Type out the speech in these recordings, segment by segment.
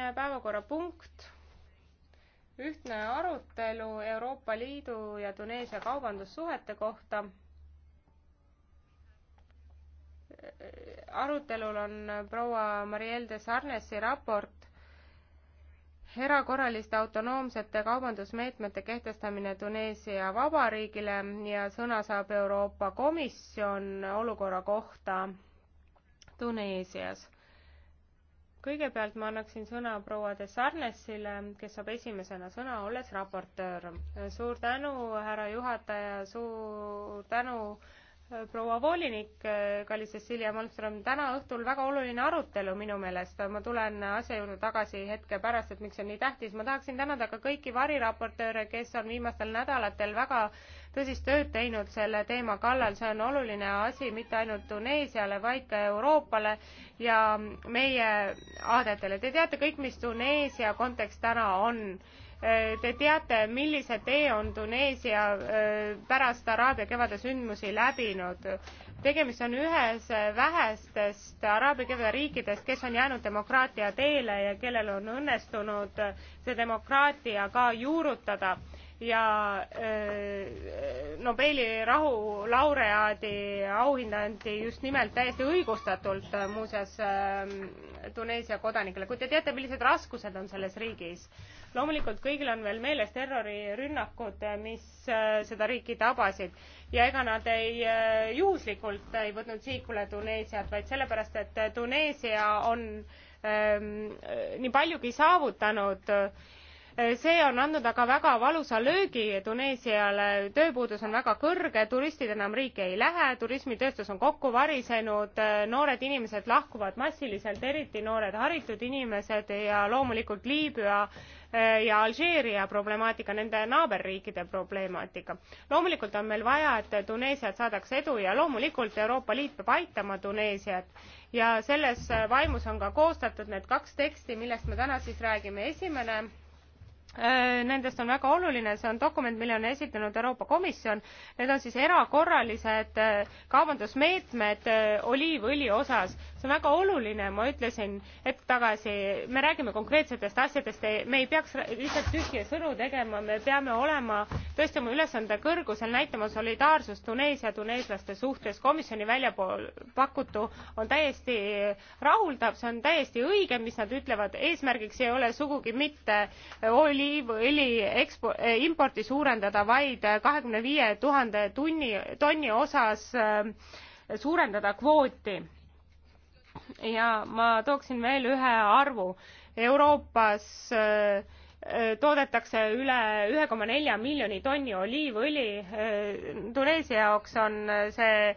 järgmine päevakorrapunkt, ühtne arutelu Euroopa Liidu ja Tuneesia kaubandussuhete kohta. arutelul on proua Marielle de Sarnesi raport erakorraliste autonoomsete kaubandusmeetmete kehtestamine Tuneesia Vabariigile ja sõna saab Euroopa Komisjon olukorra kohta Tuneesias kõigepealt ma annaksin sõna proua de Sarnesile, kes saab esimesena sõna, olles raportöör. suur tänu, härra juhataja, suur tänu, äh, proua volinik, äh, kallis Cecilia Malmström, täna õhtul väga oluline arutelu minu meelest, ma tulen asja juurde tagasi hetke pärast, et miks see on nii tähtis, ma tahaksin tänada ka kõiki variraportööre, kes on viimastel nädalatel väga tõsist tööd teinud selle teema kallal, see on oluline asi mitte ainult Tuneesiale, vaid ka Euroopale ja meie aadetele. Te teate kõik, mis Tuneesia kontekst täna on äh, Te teate, millise tee on Tuneesia äh, pärast Araabia kevade sündmusi läbinud. tegemist on ühes vähestest Araabia kevade riikidest, kes on jäänud demokraatia teele ja kellel on õnnestunud see demokraatia ka juurutada ja äh, Nobeli rahulaureaadi auhinda anti just nimelt täiesti õigustatult äh, muuseas äh, Tuneesia kodanikele, kuid te teate, millised raskused on selles riigis. loomulikult kõigil on veel meeles terrorirünnakud, mis seda riiki tabasid ja ega nad ei juhuslikult ei võtnud siikule Tuneesiat, vaid sellepärast, et Tuneesia on ähm, nii paljugi saavutanud äh, see on andnud aga väga valusa löögi Tuneesiale, tööpuudus on väga kõrge, turistid enam riiki ei lähe, turismitööstus on kokku varisenud, noored inimesed lahkuvad massiliselt, eriti noored haritud inimesed ja loomulikult Liibüa eh, ja Alžeeria problemaatika, nende naaberriikide problemaatika. loomulikult on meil vaja, et Tuneesiat saadaks edu ja loomulikult Euroopa Liit peab aitama Tuneesiat ja selles vaimus on ka koostatud need kaks teksti, millest me täna siis räägime. esimene Äh, nendest on väga oluline, see on dokument, mille on esitanud Euroopa Komisjon. Need on siis erakorralised äh, kaubandusmeetmed äh, oliivõli osas. see on väga oluline, ma ütlesin hetk tagasi, me räägime konkreetsetest asjadest, me ei peaks lihtsalt tühje sõnu tegema, me peame olema tõesti oma ülesande kõrgusel, näitama solidaarsust Tuneesia tuneeslaste suhtes. komisjoni väljapool pakutu on täiesti rahuldav, see on täiesti õige, mis nad ütlevad, eesmärgiks ei ole sugugi mitte oli oliivõli ekspo- eh, importi suurendada vaid kahekümne viie tuhande tunni tonni osas eh, suurendada kvooti ja ma tooksin veel ühe arvu euroopas eh, toodetakse üle ühe koma nelja miljoni tonni oliivõli tuneesia jaoks on see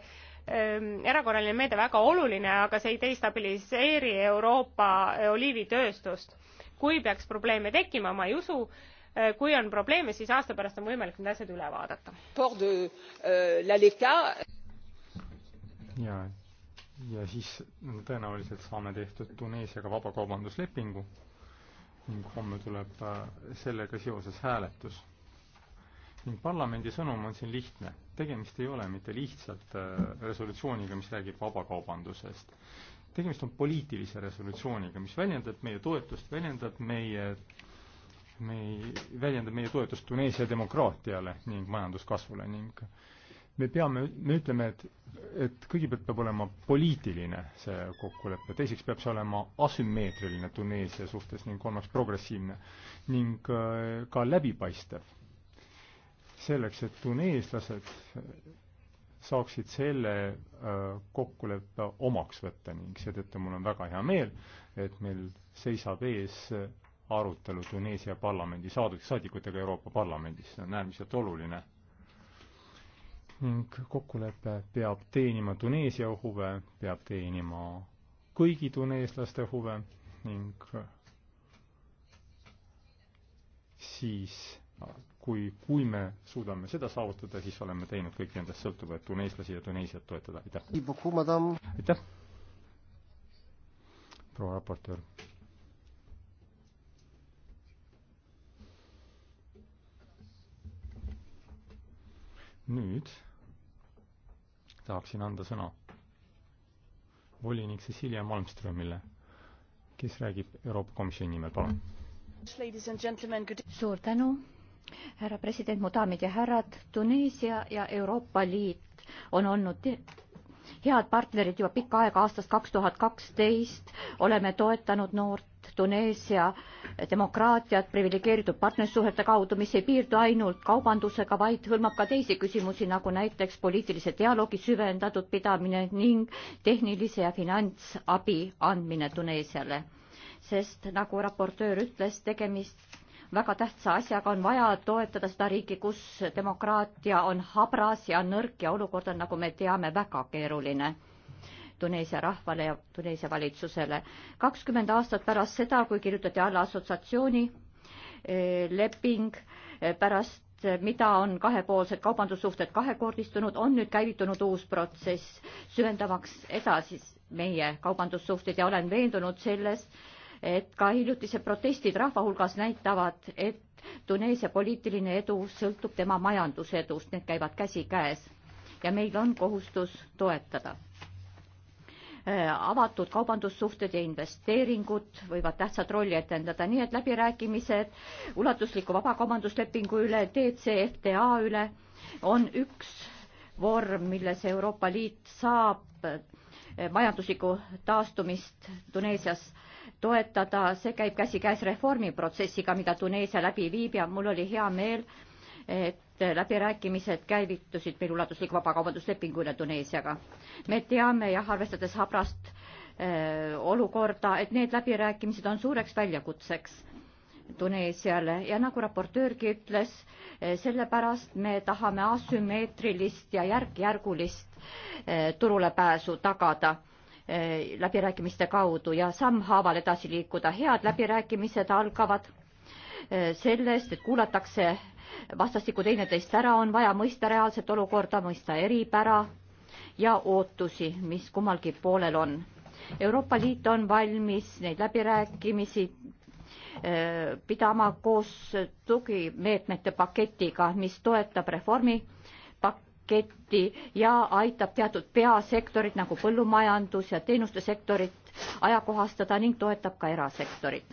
erakorraline meede väga oluline aga see ei destabiliseeri euroopa oliivitööstust kui peaks probleeme tekkima, ma ei usu, äh, kui on probleeme, siis aasta pärast on võimalik need asjad üle vaadata. Äh, ja, ja siis tõenäoliselt saame tehtud Tuneesiaga vabakaubanduslepingu ning homme tuleb äh, sellega seoses hääletus ning parlamendi sõnum on siin lihtne. tegemist ei ole mitte lihtsalt resolutsiooniga, mis räägib vabakaubandusest tegemist on poliitilise resolutsiooniga, mis väljendab meie toetust, väljendab meie, meie, väljendab meie toetust Tuneesia demokraatiale ning majanduskasvule ning me peame, me ütleme, et, et kõigepealt peab olema poliitiline see kokkulepe, teiseks peab see olema asümmeetriline Tuneesia suhtes ning kolmandaks progressiivne ning äh, ka läbipaistev. selleks, et tuneeslased saaksid selle äh, kokkuleppe omaks võtta ning seetõttu mul on väga hea meel, et meil seisab ees arutelu Tuneesia parlamendi saadik, saadikutega Euroopa Parlamendis, see on äärmiselt oluline. ning kokkulepe peab teenima Tuneesia huve, peab teenima kõigi tuneeslaste huve ning siis kui, kui me suudame seda saavutada, siis oleme teinud kõik endast sõltuva, et tuneeslasi ja Tuneesiat toetada, aitäh! aitäh! proua raportöör. nüüd tahaksin anda sõna volinik Cecilia Malmströmile, kes räägib Euroopa Komisjoni nimel, palun. suur tänu härra president, mu daamid ja härrad, Tuneesia ja Euroopa Liit on olnud head partnerid juba pikka aega, aastast kaks tuhat kaksteist oleme toetanud noort Tuneesia demokraatiat priviligeeritud partnersuhete kaudu, mis ei piirdu ainult kaubandusega, vaid hõlmab ka teisi küsimusi, nagu näiteks poliitilise dialoogi süvendatud pidamine ning tehnilise ja finantsabi andmine Tuneesiale. sest nagu raportöör ütles, tegemist väga tähtsa asjaga, on vaja toetada seda riiki, kus demokraatia on habras ja nõrk ja olukord on, nagu me teame, väga keeruline Tuneesia rahvale ja Tuneesia valitsusele. kakskümmend aastat pärast seda, kui kirjutati alla assotsiatsiooni eh, leping, eh, pärast eh, mida on kahepoolsed kaubandussuhted kahekordistunud, on nüüd käivitunud uus protsess, süvendamaks edasi meie kaubandussuhteid ja olen veendunud selles, et ka hiljutised protestid rahva hulgas näitavad, et Tuneesia poliitiline edu sõltub tema majandusedust, need käivad käsikäes ja meil on kohustus toetada. Äh, avatud kaubandussuhted ja investeeringud võivad tähtsat rolli etendada, nii et läbirääkimised ulatusliku vabakaubanduslepingu üle, DCFTA üle on üks vorm, milles Euroopa Liit saab äh, majanduslikku taastumist Tuneesias toetada, see käib käsikäes reformiprotsessiga, mida Tuneesia läbi viib ja mul oli hea meel, et läbirääkimised käivitusid meil ulatuslik vabakaubanduslepingu üle Tuneesiaga. me teame jah, arvestades habrast öö, äh, olukorda, et need läbirääkimised on suureks väljakutseks Tuneesiale ja nagu raportöörgi ütles, äh, sellepärast me tahame asümmeetrilist ja järk-järgulist äh, turulepääsu tagada Eh, läbirääkimiste kaudu ja sammhaaval edasi liikuda. head läbirääkimised algavad eh, sellest, et kuulatakse vastastikku teineteist ära, on vaja mõista reaalset olukorda, mõista eripära ja ootusi, mis kummalgi poolel on. Euroopa Liit on valmis neid läbirääkimisi eh, pidama koos tugimeetmete paketiga, mis toetab reformi paketti ja aitab teatud peasektorid nagu põllumajandus ja teenuste sektorit ajakohastada ning toetab ka erasektorit.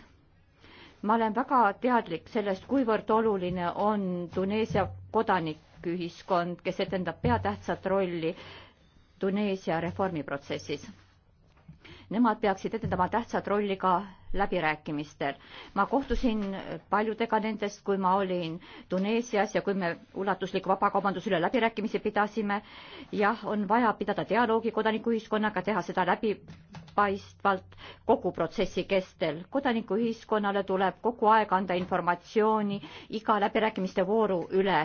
ma olen väga teadlik sellest, kuivõrd oluline on Tuneesia kodanikuühiskond, kes etendab peatähtsat rolli Tuneesia reformiprotsessis Nemad peaksid etendama tähtsat rolli ka läbirääkimistel. ma kohtusin paljudega nendest, kui ma olin Tuneesias ja kui me ulatusliku vabakaubanduse üle läbirääkimisi pidasime. jah, on vaja pidada dialoogi kodanikuühiskonnaga, teha seda läbipaistvalt kogu protsessi kestel. kodanikuühiskonnale tuleb kogu aeg anda informatsiooni iga läbirääkimiste vooru üle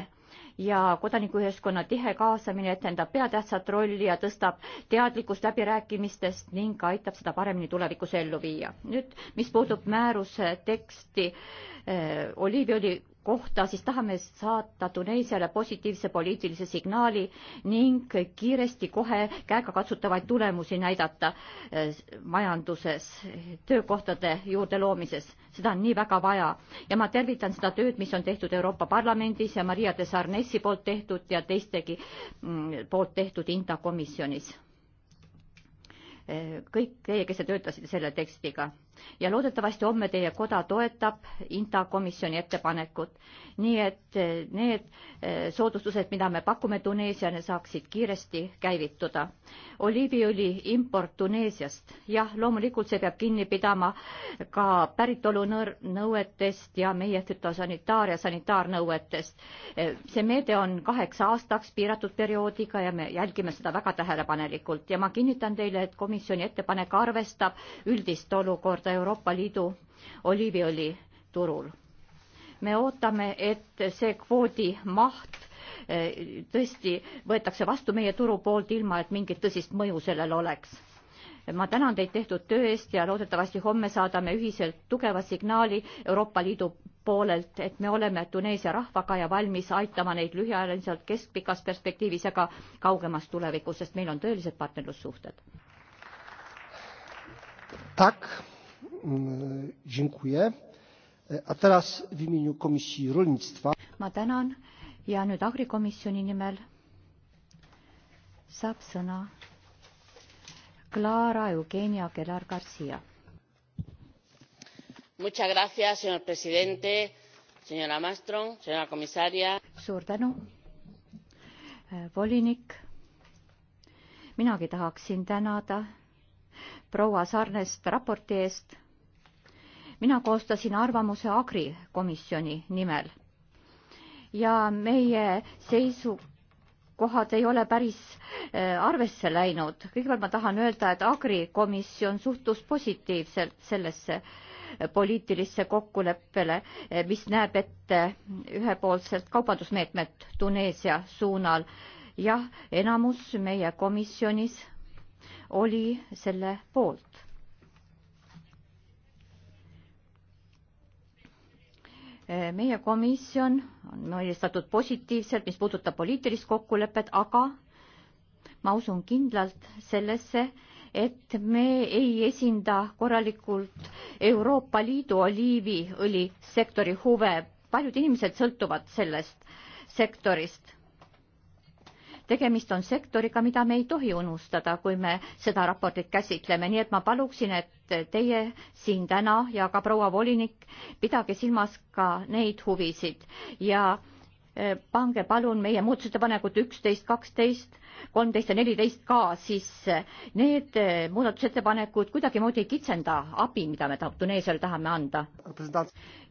ja kodanikuühiskonna tihe kaasamine etendab peatähtsat rolli ja tõstab teadlikkust läbirääkimistest ning aitab seda paremini tulevikus ellu viia. nüüd, mis puudub määruse teksti eh, oliiviõli kohta, siis tahame saata Tuneesiale positiivse poliitilise signaali ning kiiresti kohe käegakatsutavaid tulemusi näidata eh, majanduses, töökohtade juurde loomises. seda on nii väga vaja ja ma tervitan seda tööd, mis on tehtud Euroopa Parlamendis ja Maria de Sarnesi poolt tehtud ja teistegi mm, poolt tehtud Inta komisjonis. Eh, kõik teie, kes te töötasite selle tekstiga ja loodetavasti homme teie koda toetab INTA komisjoni ettepanekut, nii et eh, need eh, soodustused, mida me pakume Tuneesiale, saaksid kiiresti käivituda. oliiviõli import Tuneesiast, jah, loomulikult see peab kinni pidama ka päritolunõuetest ja meie fütosanitaar ja sanitaarnõuetest. Eh, see meede on kaheks aastaks piiratud perioodiga ja me jälgime seda väga tähelepanelikult ja ma kinnitan teile, et komisjoni ettepanek arvestab üldist olukorda seda Euroopa Liidu oliiviõli turul. me ootame, et see kvoodi maht eh, tõesti võetakse vastu meie turu poolt, ilma et mingit tõsist mõju sellel oleks. ma tänan teid tehtud töö eest ja loodetavasti homme saadame ühiselt tugeva signaali Euroopa Liidu poolelt, et me oleme Tuneesia rahvaga ja valmis aitama neid lühiajaliselt keskpikas perspektiivis ja ka kaugemas tulevikus, sest meil on tõelised partnerlussuhted. tak Mm, dziękuję. E, a teraz w imieniu Komisji Rolnictwa. Ma tänan ja nüüd agrikomisjoni nimel saab sõna Clara Eugenia Kelar Garcia. Muchas gracias, señor presidente, señora Mastron, señora comisaria. Suur tänu, e, volinik. Minagi tahaksin tänada proua Sarnest raporti eest mina koostasin arvamuse Agri komisjoni nimel ja meie seisukohad ei ole päris äh, arvesse läinud. kõigepealt ma tahan öelda, et Agri komisjon suhtus positiivselt sellesse äh, poliitilisse kokkuleppele, äh, mis näeb ette ühepoolselt kaubandusmeetmed Tuneesia suunal. jah, enamus meie komisjonis oli selle poolt Eh, meie komisjon on mõistatud positiivselt, mis puudutab poliitilist kokkulepet, aga ma usun kindlalt sellesse, et me ei esinda korralikult Euroopa Liidu oliiviõlisektori huve. paljud inimesed sõltuvad sellest sektorist tegemist on sektoriga, mida me ei tohi unustada, kui me seda raportit käsitleme, nii et ma paluksin, et teie siin täna ja ka proua volinik, pidage silmas ka neid huvisid ja eh, pange palun meie muudatusettepanekud üksteist, kaksteist, kolmteist ja neliteist ka sisse. Need eh, muudatusettepanekud kuidagimoodi ei kitsenda abi, mida me Tuneesiale tahame anda.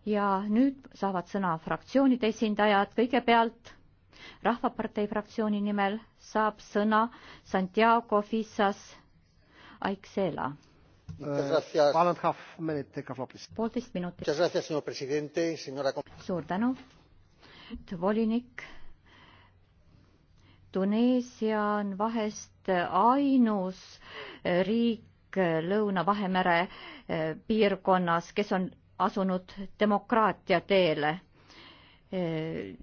ja nüüd saavad sõna fraktsioonide esindajad, kõigepealt rahvapartei fraktsiooni nimel saab sõna Santiago Fissas Aixela. poolteist minutit. suur tänu, volinik. Tuneesia on vahest ainus riik Lõuna-Vahemere eh, piirkonnas, kes on asunud demokraatia teele eh,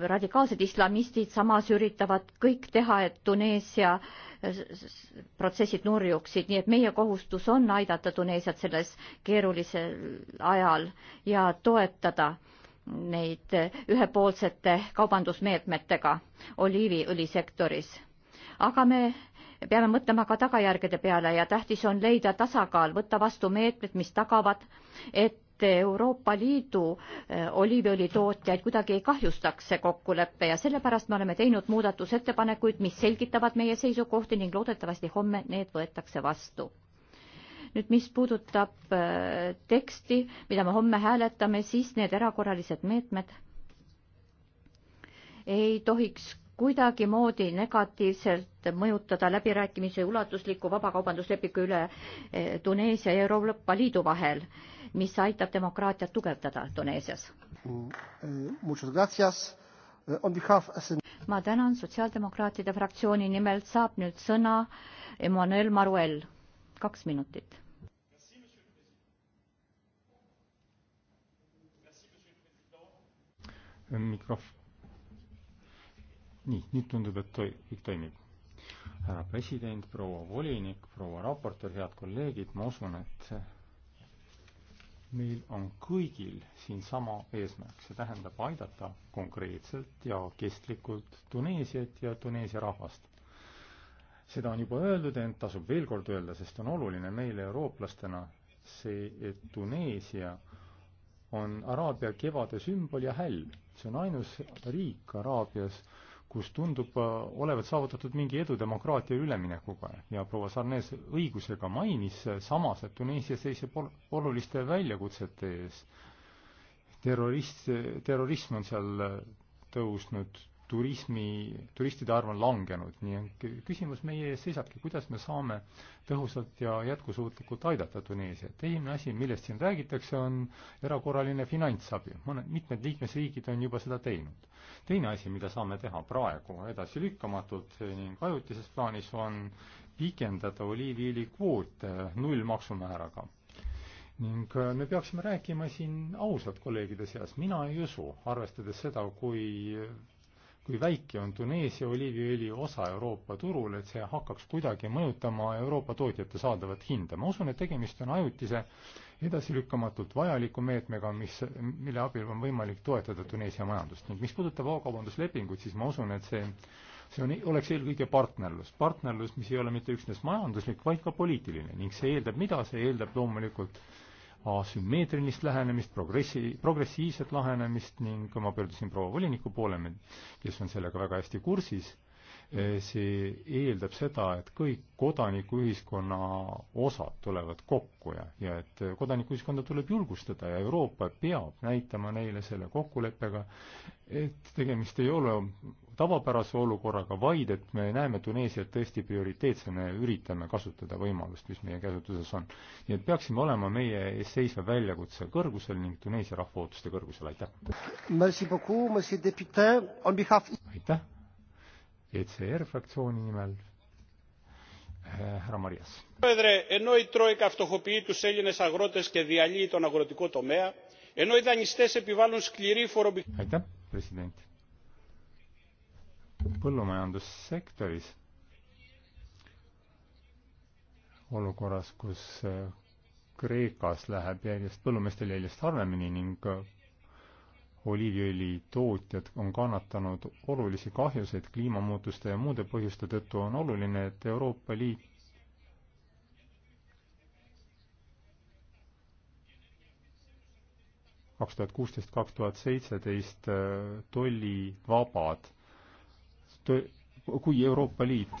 radikaalsed islamistid samas üritavad kõik teha, et Tuneesia protsessid nurjuksid, nii et meie kohustus on aidata Tuneesiat selles keerulisel ajal ja toetada neid ühepoolsete kaubandusmeetmetega oliiviõlisektoris. aga me peame mõtlema ka tagajärgede peale ja tähtis on leida tasakaal, võtta vastu meetmed, mis tagavad, et et Euroopa Liidu eh, oliiviõlitootjaid kuidagi ei kahjustaks see kokkulepe ja sellepärast me oleme teinud muudatusettepanekuid, mis selgitavad meie seisukohti ning loodetavasti homme need võetakse vastu. nüüd, mis puudutab eh, teksti, mida me homme hääletame, siis need erakorralised meetmed ei tohiks kuidagimoodi negatiivselt mõjutada läbirääkimise ulatusliku vabakaubanduslepingu üle eh, Tuneesia ja Euroopa Liidu vahel, mis aitab demokraatiat tugevdada Tuneesias. Eh, ma tänan sotsiaaldemokraatide fraktsiooni nimel, saab nüüd sõna Emmanuel Maruel, kaks minutit mikrofon nii, nüüd tundub, et toi-, kõik toimib. härra president, proua volinik, proua raportöör, head kolleegid, ma usun, et meil on kõigil siinsama eesmärk, see tähendab aidata konkreetselt ja kestlikult Tuneesiat ja Tuneesia rahvast. seda on juba öeldud, ent tasub veel kord öelda, sest on oluline meile, eurooplastena, see, et Tuneesia on Araabia kevade sümbol ja häll. see on ainus riik Araabias, kus tundub äh, olevat saavutatud mingi edu demokraatia üleminekuga ja proua Sarnes õigusega mainis samas, et Tuneesia seisab oluliste väljakutsete ees. terrorist, terrorism on seal äh, tõusnud turismi, turistide arv on langenud, nii et küsimus meie ees seisabki, kuidas me saame tõhusalt ja jätkusuutlikult aidata Tuneesiat. teine asi, millest siin räägitakse, on erakorraline finantsabi. mõned, mitmed liikmesriigid on juba seda teinud. teine asi, mida saame teha praegu edasilükkamatult ning ajutises plaanis, on pikendada oliiviõli kvoote nullmaksumääraga ning äh, me peaksime rääkima siin ausalt kolleegide seas, mina ei usu, arvestades seda, kui kui väike on Tuneesia oliiviõli osa Euroopa turul, et see hakkaks kuidagi mõjutama Euroopa tootjate saadavat hinda. ma usun, et tegemist on ajutise, edasilükkamatult vajaliku meetmega, mis, mille abil on võimalik toetada Tuneesia majandust. ning mis puudutab vaokavanduslepingut, siis ma usun, et see, see on, oleks eelkõige partnerlus. partnerlus, mis ei ole mitte üksnes majanduslik, vaid ka poliitiline ning see eeldab mida? see eeldab loomulikult äh, asümmeetrilist lähenemist, progressi, progressiivset lahenemist ning ma pöördusin proua voliniku poole, kes on sellega väga hästi kursis, eh, see eeldab seda, et kõik kodanikuühiskonna osad tulevad kokku ja, ja et kodanikuühiskonda tuleb julgustada ja Euroopa peab näitama neile selle kokkuleppega, et tegemist ei ole tavapärase olukorraga, vaid et me näeme Tuneesiat tõesti prioriteetsena ja üritame kasutada võimalust, mis meie käsutuses on. nii et peaksime olema meie ees seisva väljakutse kõrgusel ning Tuneesia rahva ootuste kõrgusel, aitäh! aitäh! ECR fraktsiooni nimel eh, härra Marias. ενώ η Τρόικα φτωχοποιεί τους Έλληνες αγρότες και διαλύει τον αγροτικό τομέα, ενώ οι δανειστές επιβάλλουν σκληρή φορολογική. Aitäh, president põllumajandussektoris olukorras, kus eh, Kreekas läheb järjest põllumeestel järjest harvemini ning eh, oliiviõli tootjad on kannatanud olulisi kahjuseid kliimamuutuste ja muude põhjuste tõttu, on oluline, et Euroopa Liit kaks tuhat kuusteist, kaks tuhat seitseteist eh, tollivabad kui Euroopa Liit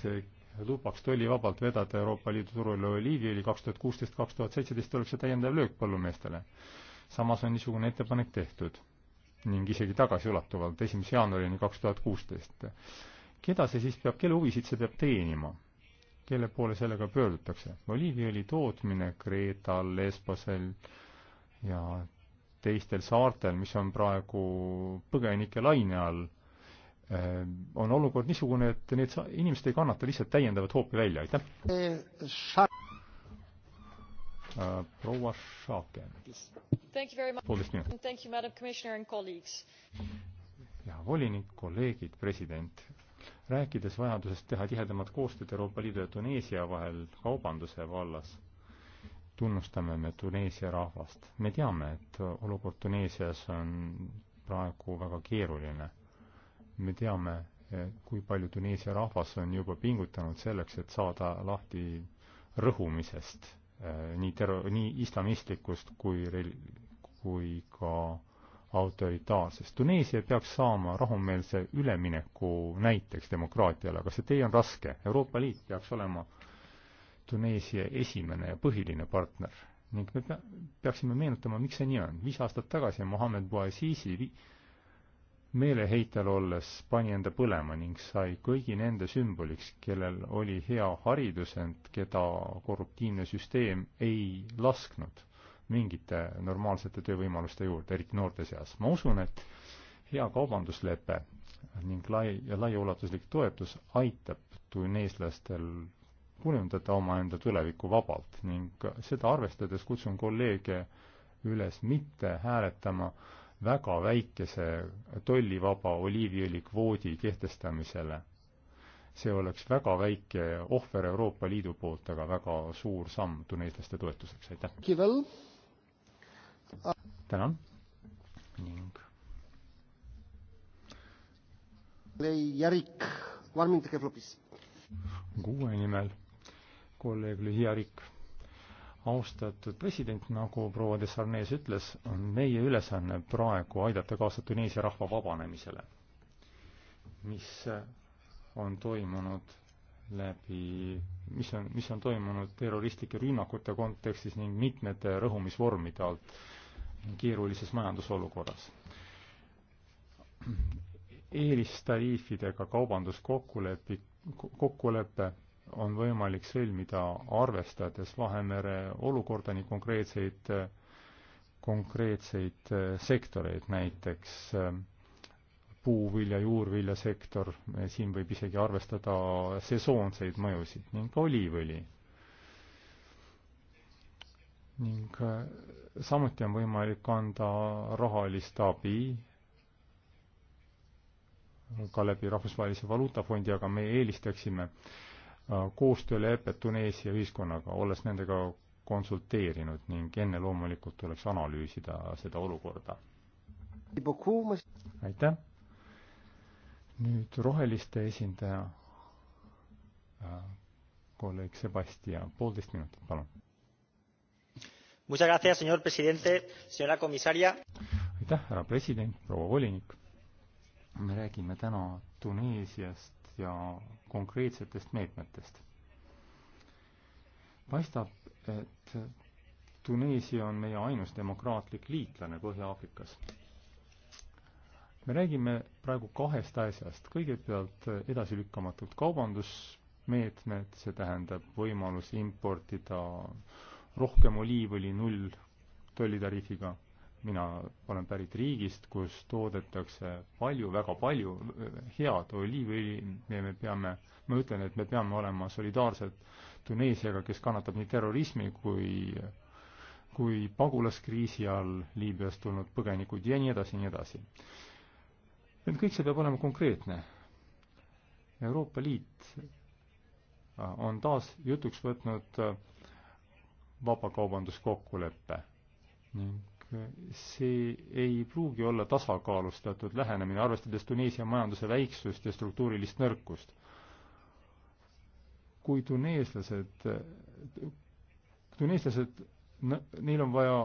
lubaks tollivabalt vedada Euroopa Liidu turule oliiviõli kaks tuhat kuusteist, kaks tuhat seitseteist, oleks see täiendav löök põllumeestele. samas on niisugune ettepanek tehtud ning isegi tagasiulatuvalt esimese jaanuarini kaks tuhat kuusteist. keda see siis peab, kelle huvisid see peab teenima? kelle poole sellega pöördutakse? oliiviõli tootmine Kreetal, Lesbosel ja teistel saartel, mis on praegu põgenike laine all Äh, on olukord niisugune, et need inimesed ei kannata lihtsalt täiendavat hoopi välja, aitäh. Äh, proua Šake. poolteist minutit. ja volinik, kolleegid, president, rääkides vajadusest teha tihedamat koostööd Euroopa Liidu ja Tuneesia vahel kaubanduse vallas, tunnustame me Tuneesia rahvast. me teame, et olukord Tuneesias on praegu väga keeruline me teame, kui palju Tuneesia rahvas on juba pingutanud selleks, et saada lahti rõhumisest eh, nii terro-, nii islamistlikust kui rel-, kui ka autoritaarsest. Tuneesia peaks saama rahumeelse ülemineku näiteks demokraatiale, aga see tee on raske. Euroopa Liit peaks olema Tuneesia esimene ja põhiline partner ning me pea-, peaksime meenutama, miks see nii on. viis aastat tagasi Mohammed Bouazizi vi-, meeleheitel olles pani enda põlema ning sai kõigi nende sümboliks, kellel oli hea haridus, ent keda korruptiivne süsteem ei lasknud mingite normaalsete töövõimaluste juurde, eriti noorte seas. ma usun, et hea kaubanduslepe ning lai, laiaulatuslik toetus aitab tuneeslastel kujundada omaenda tulevikku vabalt ning seda arvestades kutsun kolleege üles mitte hääletama äh, väga väikese tollivaba oliiviõli kvoodi kehtestamisele. see oleks väga väike ohver Euroopa Liidu poolt, aga väga suur samm tuneeslaste toetuseks, aitäh! tänan ning Järik, Varming Tegevlubis. kuue nimel kolleeg Lühi Järik austatud president, nagu proua de Sarnes ütles, on meie ülesanne praegu aidata kaasa Tuneesia rahva vabanemisele, mis on toimunud läbi, mis on, mis on toimunud terroristlike rünnakute kontekstis ning mitmete rõhumisvormide alt keerulises majandusolukorras. eelistariifidega kaubanduskokkulepi, kokkulepe on võimalik sõlmida, arvestades Vahemere olukorda ning konkreetseid, konkreetseid äh, sektoreid, näiteks äh, puuvilja, juurviljasektor, äh, siin võib isegi arvestada sesoonseid mõjusid ning oliivõli. ning samuti on võimalik anda rahalist abi ka läbi Rahvusvahelise Valuutafondi, aga me eelistaksime äh, Äh, koostöölepet Tuneesia ühiskonnaga, olles nendega konsulteerinud ning enne loomulikult tuleks analüüsida seda olukorda. aitäh! nüüd roheliste esindaja, äh, kolleeg Sebastian, poolteist minutit, palun. aitäh, härra president, proua volinik! me räägime täna Tuneesiast ja konkreetsetest meetmetest. paistab, et Tuneesia on meie ainus demokraatlik liitlane Põhja-Aafrikas. me räägime praegu kahest asjast, kõigepealt edasilükkamatud kaubandusmeetmed, see tähendab võimalus importida rohkem oliivõli null tollitariifiga mina olen pärit riigist, kus toodetakse palju, väga palju äh, head oliiviõli ja me peame, ma ütlen, et me peame olema solidaarsed Tuneesiaga, kes kannatab nii terrorismi kui, kui pagulaskriisi all Liibüast tulnud põgenikud ja nii edasi ja nii edasi. et kõik see peab olema konkreetne. Euroopa Liit äh, on taas jutuks võtnud äh, vabakaubanduskokkuleppe ning see ei pruugi olla tasakaalustatud lähenemine, arvestades Tuneesia majanduse väiksust ja struktuurilist nõrkust. kui tuneeslased, tuneeslased, neil on vaja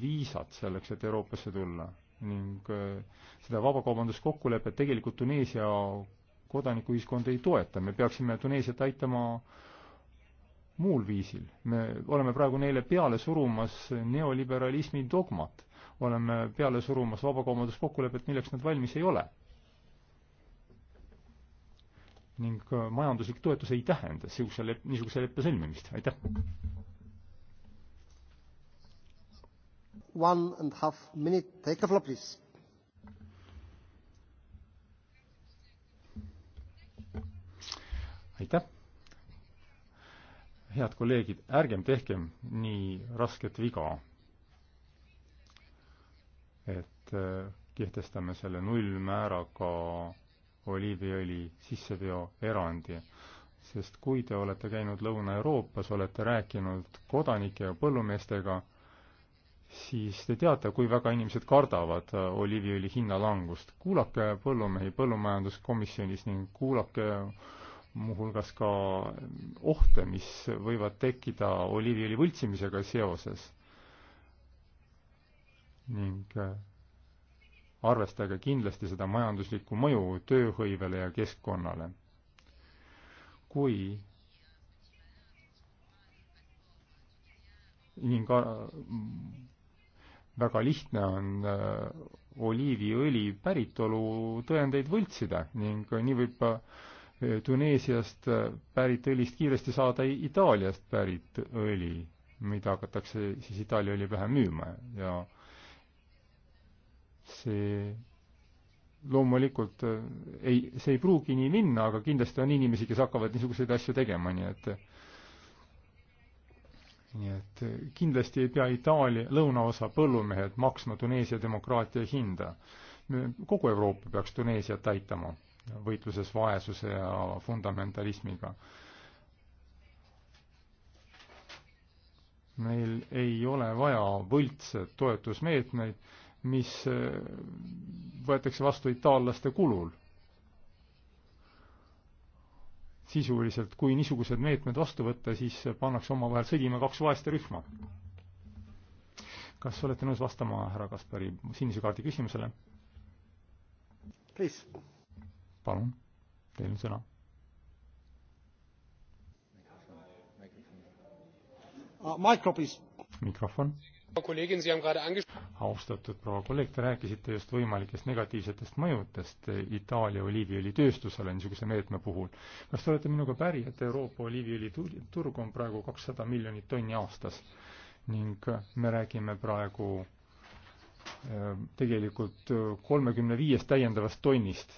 viisat selleks, et Euroopasse tulla ning äh, seda vabakaubanduskokkulepet tegelikult Tuneesia kodanikuühiskond ei toeta, me peaksime Tuneesiat aitama äh, muul viisil. me oleme praegu neile peale surumas neoliberalismi dogmat. oleme peale surumas vabakaubanduskokkulepet, milleks nad valmis ei ole. ning äh, majanduslik toetus ei tähenda niisuguse lep-, niisuguse leppe sõlmimist, aitäh. One and half minute, take a floor please. aitäh head kolleegid, ärgem tehkem nii rasket viga, et äh, kehtestame selle nullmääraga oliiviõli sisseveo erandi. sest kui te olete käinud Lõuna-Euroopas, olete rääkinud kodanike ja põllumeestega, siis te teate, kui väga inimesed kardavad äh, oliiviõli hinnalangust. kuulake põllumehi põllumajanduskomisjonis ning kuulake äh, muuhulgas ka ohte, mis võivad tekkida oliiviõli võltsimisega seoses. ning äh, arvestage kindlasti seda majanduslikku mõju tööhõivele ja keskkonnale. kui ning äh, väga lihtne on äh, oliiviõli päritolu tõendeid võltsida ning nii võib Tuneesiast pärit õlist kiiresti saada Itaaliast pärit õli, mida hakatakse siis Itaalia õli pähe müüma ja see loomulikult äh, ei, see ei pruugi nii minna, aga kindlasti on inimesi, kes hakkavad niisuguseid asju tegema, nii et nii et kindlasti ei pea Itaalia lõunaosa põllumehed maksma Tuneesia demokraatia hinda. kogu Euroopa peaks Tuneesiat aitama võitluses vaesuse ja fundamentalismiga. meil ei ole vaja võltsed toetusmeetmeid, mis eh, võetakse vastu itaallaste kulul. sisuliselt, kui niisugused meetmed vastu võtta, siis pannakse omavahel sõdima kaks vaeste rühma. kas olete nõus vastama härra Kaspari sinise kaardi küsimusele? Please palun, teil on sõna. Ah, mikrofon. austatud proua kolleeg, te rääkisite just võimalikest negatiivsetest mõjudest Itaalia oliiviõlitööstusele niisuguse meetme puhul. kas te olete minuga päri, et Euroopa oliiviõli turg on praegu kakssada miljonit tonni aastas ning me räägime praegu äh, tegelikult kolmekümne viiest täiendavast tonnist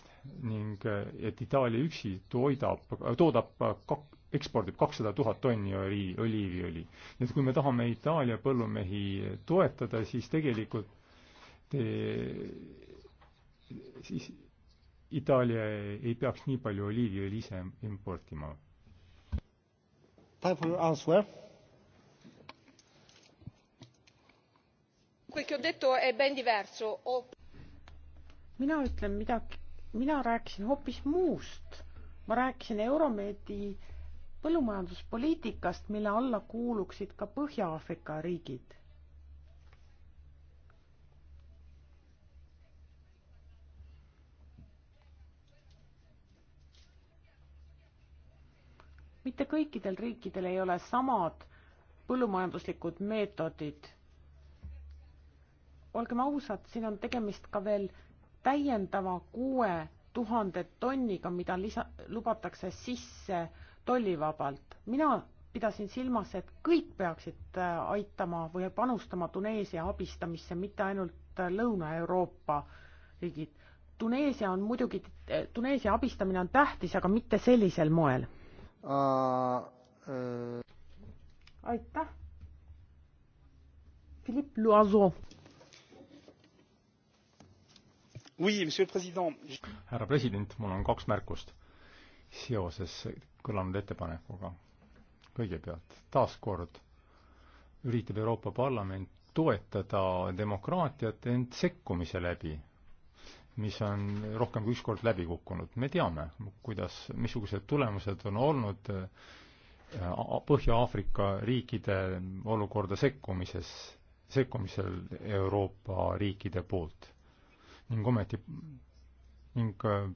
ning eh, et Itaalia üksi toidab, toodab eh, kak-, ekspordib kakssada tuhat tonni oli, oliiviõli. nii et kui me tahame Itaalia põllumehi toetada, siis tegelikult te, eh, siis Itaalia ei peaks nii palju oliiviõli ise importima. Time for your answer. quel che ho detto è ben diverso. Ho... mina ütlen midagi mina rääkisin hoopis muust. ma rääkisin Euromeedi põllumajanduspoliitikast, mille alla kuuluksid ka Põhja-Aafrika riigid. mitte kõikidel riikidel ei ole samad põllumajanduslikud meetodid. olgem ausad, siin on tegemist ka veel täiendava kuue tuhande tonniga, mida lisa, lubatakse sisse tollivabalt. mina pidasin silmas, et kõik peaksid äh, aitama või panustama Tuneesia abistamisse, mitte ainult äh, Lõuna-Euroopa riigid. Tuneesia on muidugi, äh, Tuneesia abistamine on tähtis, aga mitte sellisel moel uh,. Uh... aitäh. Philippe Loiseau härra president, mul on kaks märkust seoses kõlanud ettepanekuga. kõigepealt, taaskord üritab Euroopa Parlament toetada demokraatiat end sekkumise läbi, mis on rohkem kui üks kord läbi kukkunud. me teame, kuidas, missugused tulemused on olnud äh, Põhja-Aafrika riikide olukorda sekkumises, sekkumisel Euroopa riikide poolt ning ometi ning äh,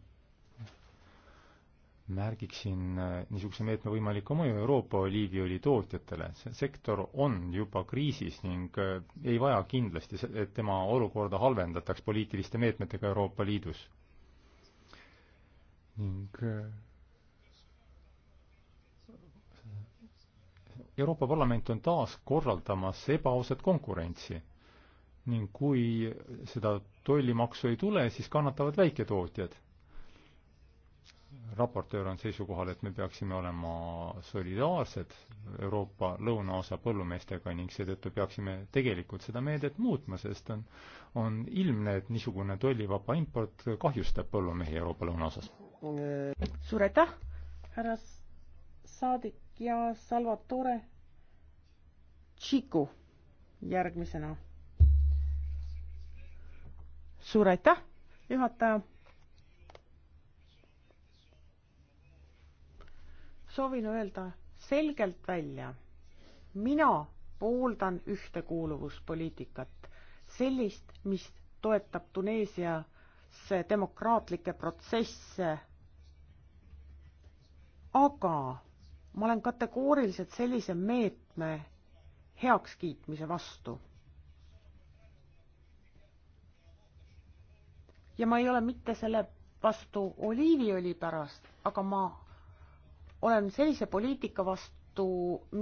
märgiksin äh, niisuguse meetme võimalikku mõju Euroopa oliiviõli tootjatele. see sektor on juba kriisis ning äh, ei vaja kindlasti, et tema olukorda halvendataks poliitiliste meetmetega Euroopa Liidus. ning Euroopa Parlament on taas korraldamas ebaausat konkurentsi ning kui seda tollimaksu ei tule, siis kannatavad väiketootjad. raportöör on seisukohal, et me peaksime olema solidaarsed Euroopa lõunaosa põllumeestega ning seetõttu peaksime tegelikult seda meedet muutma, sest on, on ilmne, et niisugune tollivaba import kahjustab põllumehi Euroopa lõunaosas. suur aitäh, härra saadik ja Salvatore Tšiku järgmisena suur aitäh, juhataja. soovin öelda selgelt välja, mina pooldan ühtekuuluvuspoliitikat, sellist, mis toetab Tuneesiasse demokraatlikke protsesse. aga ma olen kategooriliselt sellise meetme heakskiitmise vastu ja ma ei ole mitte selle vastu oliiviõli pärast, aga ma olen sellise poliitika vastu,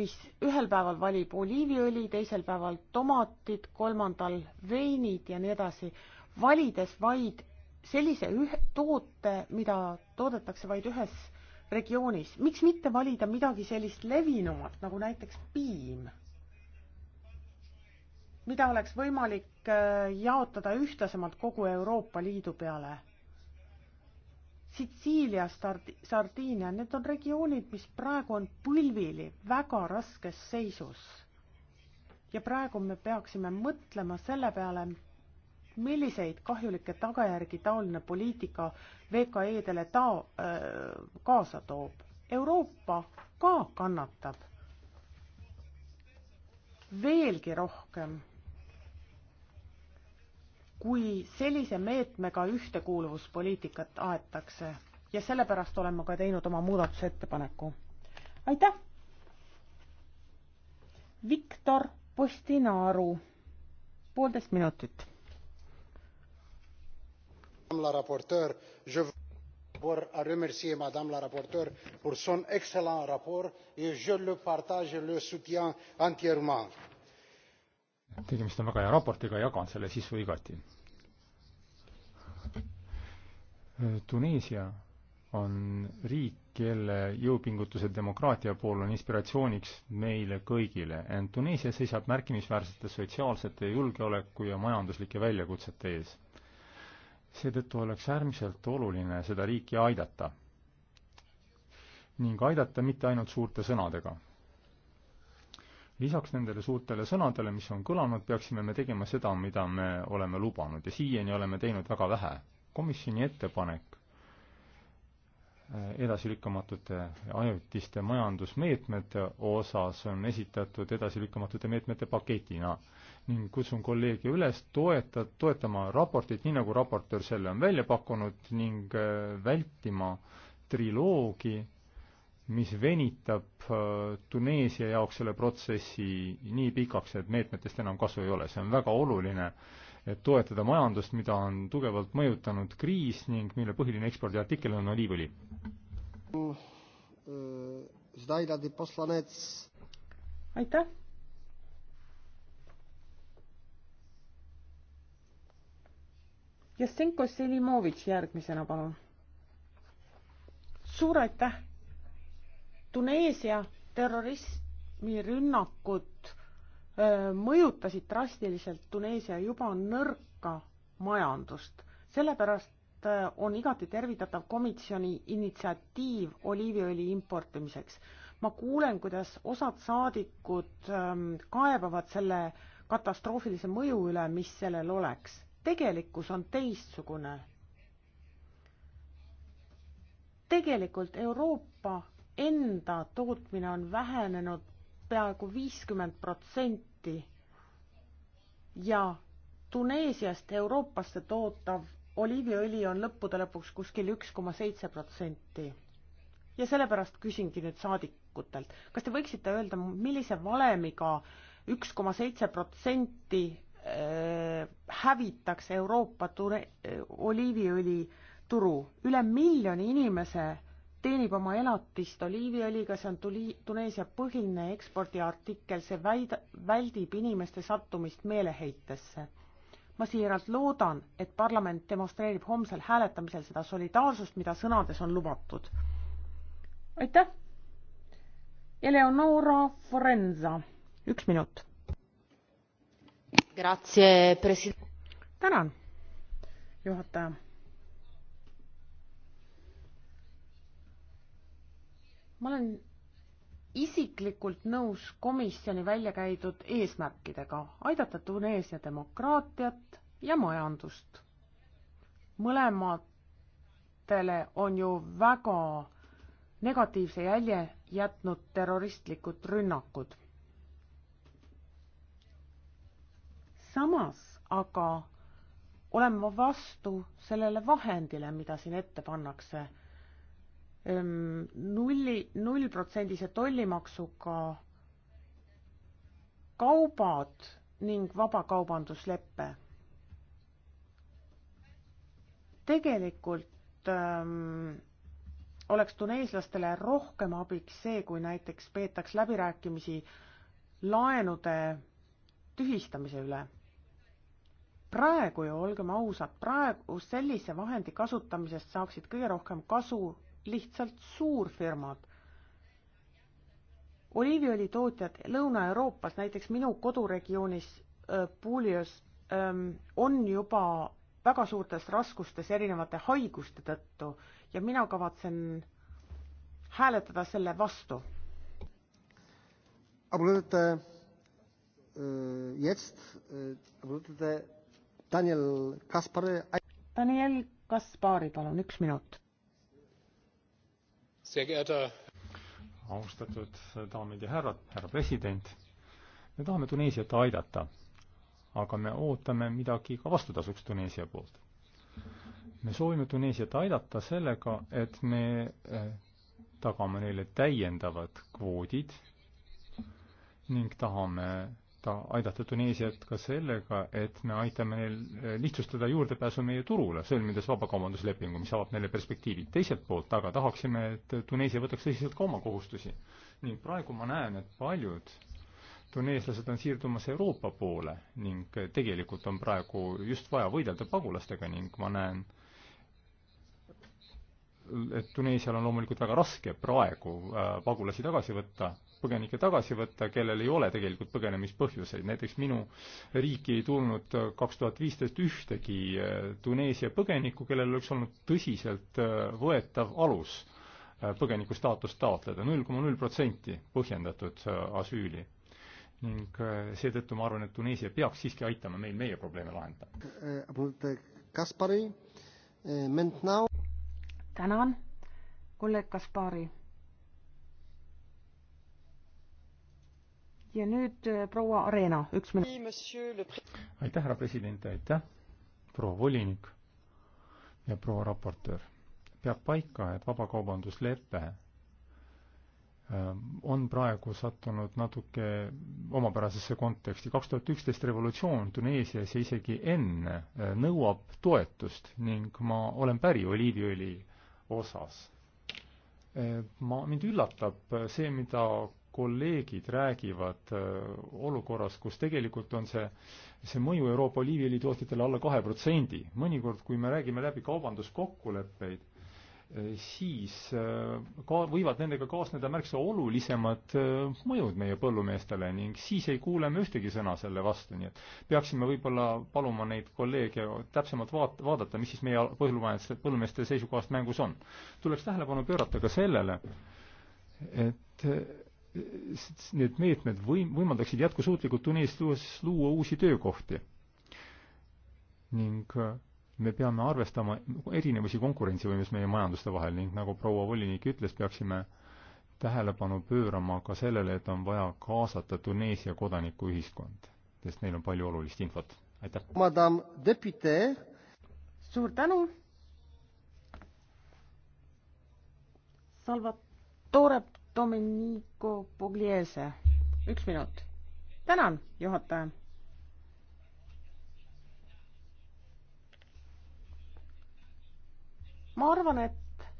mis ühel päeval valib oliiviõli, teisel päeval tomatid, kolmandal veinid ja nii edasi, valides vaid sellise ühe toote, mida toodetakse vaid ühes regioonis. miks mitte valida midagi sellist levinumat nagu näiteks piim? mida oleks võimalik äh, jaotada ühtlasemalt kogu Euroopa Liidu peale. Sitsiilia, Sardiinia, need on regioonid, mis praegu on põlvili väga raskes seisus. ja praegu me peaksime mõtlema selle peale, milliseid kahjulikke tagajärgi taoline poliitika VKE-dele ta- äh,, kaasa toob. Euroopa ka kannatab veelgi rohkem kui sellise meetmega ühtekuuluvuspoliitikat aetakse ja sellepärast olen ma ka teinud oma muudatusettepaneku. aitäh! Viktor Postinaru, poolteist minutit. vor à remercier madame la rapporteure pour son excellent rapport et je le partage et le soutiens entièrement tegemist on väga hea raportiga, jagan selle sisu igati. Tuneesia on riik, kelle jõupingutused demokraatia pool on inspiratsiooniks meile kõigile, ent Tuneesia seisab märkimisväärsete sotsiaalsete, julgeoleku ja majanduslike väljakutsete ees. seetõttu oleks äärmiselt oluline seda riiki aidata. ning aidata mitte ainult suurte sõnadega lisaks nendele suurtele sõnadele, mis on kõlanud, peaksime me tegema seda, mida me oleme lubanud ja siiani oleme teinud väga vähe. komisjoni ettepanek äh, edasilükkamatute ajutiste majandusmeetmete osas on esitatud edasilükkamatute meetmete paketina ning kutsun kolleege üles toeta, toetama raportit, nii nagu raportöör selle on välja pakkunud, ning äh, vältima triloogi mis venitab äh, Tuneesia jaoks selle protsessi nii pikaks, et meetmetest enam kasu ei ole. see on väga oluline, et toetada majandust, mida on tugevalt mõjutanud kriis ning mille põhiline ekspordiartikkel on oliivõli. aitäh! Jassenko Selimovitš järgmisena, palun. suur aitäh! Tuneesia terrorismirünnakud mõjutasid drastiliselt Tuneesia juba nõrka majandust. sellepärast on igati tervitatav komisjoni initsiatiiv oliiviõli importimiseks. ma kuulen, kuidas osad saadikud kaebavad selle katastroofilise mõju üle, mis sellel oleks. tegelikkus on teistsugune. tegelikult Euroopa enda tootmine on vähenenud peaaegu viiskümmend protsenti ja Tuneesiast Euroopasse tootav oliiviõli on lõppude lõpuks kuskil üks koma seitse protsenti. ja sellepärast küsingi nüüd saadikutelt, kas te võiksite öelda, millise valemiga üks koma seitse protsenti äh, hävitaks Euroopa tune-, äh, oliiviõli turu, üle miljoni inimese teenib oma elatist oliiviõliga, see on tuli-, Tuneesia põhiline ekspordiartikkel, see väida-, väldib inimeste sattumist meeleheitesse. ma siiralt loodan, et parlament demonstreerib homsel hääletamisel seda solidaarsust, mida sõnades on lubatud. aitäh! Eleonora Forenza, üks minut. tänan, juhataja ma olen isiklikult nõus komisjoni välja käidud eesmärkidega aidata Tuneesia demokraatiat ja majandust. mõlematele on ju väga negatiivse jälje jätnud terroristlikud rünnakud. samas aga olen ma vastu sellele vahendile, mida siin ette pannakse Ehm, nulli, nullprotsendise tollimaksuga kaubad ning vabakaubandusleppe. tegelikult ähm, oleks tuneeslastele rohkem abiks see, kui näiteks peetaks läbirääkimisi laenude tühistamise üle. praegu ju, olgem ausad, praegu sellise vahendi kasutamisest saaksid kõige rohkem kasu lihtsalt suurfirmad. oliiviõli tootjad Lõuna-Euroopas, näiteks minu koduregioonis äh, Puulios, ähm, on juba väga suurtes raskustes erinevate haiguste tõttu ja mina kavatsen hääletada selle vastu. Äh, äh, Daniel Kaspari, palun üks minut austatud daamid ja härrad, härra president, me tahame Tuneesiat aidata, aga me ootame midagi ka vastutasuks Tuneesia poolt. me soovime Tuneesiat aidata sellega, et me eh, tagame neile täiendavad kvoodid ning tahame ta aidata Tuneesiat ka sellega, et me aitame neil eh, lihtsustada juurdepääsu meie turule, sõlmides vabakaubanduslepingu, mis avab neile perspektiivid. teiselt poolt aga tahaksime, et Tuneesia võtaks tõsiselt ka oma kohustusi. ning praegu ma näen, et paljud tuneeslased on siirdumas Euroopa poole ning tegelikult on praegu just vaja võidelda pagulastega ning ma näen, et Tuneesial on loomulikult väga raske praegu äh, pagulasi tagasi võtta põgenikke tagasi võtta, kellel ei ole tegelikult põgenemispõhjuseid. näiteks minu riiki ei tulnud kaks tuhat viisteist ühtegi äh, Tuneesia põgenikku, kellel oleks olnud tõsiselt äh, võetav alus äh, põgeniku staatust taotleda, null koma null protsenti põhjendatud asüüli. ning seetõttu ma arvan, et Tuneesia peaks siiski aitama meil meie probleeme lahendada. Kaspari, tänan, kolleeg Kaspari ja nüüd äh, proua Arena, üks minut. aitäh, härra president, aitäh, proua volinik ja proua raportöör. peab paika, et vabakaubanduslepe äh, on praegu sattunud natuke omapärasesse konteksti. kaks tuhat üksteist revolutsioon Tuneesias ja isegi enne äh, nõuab toetust ning ma olen päri oliiviõli osas ma, mind üllatab see, mida kolleegid räägivad äh, olukorras, kus tegelikult on see, see mõju Euroopa oliiviõlitootjatele alla kahe protsendi. mõnikord, kui me räägime läbi kaubanduskokkuleppeid, äh, siis äh, ka võivad nendega kaasneda märksa olulisemad mõjud meie põllumeestele ning siis ei kuule me ühtegi sõna selle vastu, nii et peaksime võib-olla paluma neid kolleege täpsemalt vaat-, vaadata, mis siis meie põllumajanduse, põllumeeste seisukohast mängus on. tuleks tähelepanu pöörata ka sellele, et need meetmed võim-, võimaldaksid jätkusuutlikult Tuneesias luua uusi töökohti. ning äh, me peame arvestama erinevusi konkurentsivõimes meie majanduste vahel ning nagu proua volinik ütles, peaksime tähelepanu pöörama ka sellele, et on vaja kaasata Tuneesia kodanikuühiskond, sest neil on palju olulist infot. aitäh! Madame Depute. suur tänu! Salvatore Domenico Pugliese, üks minut. tänan, juhataja. ma arvan, et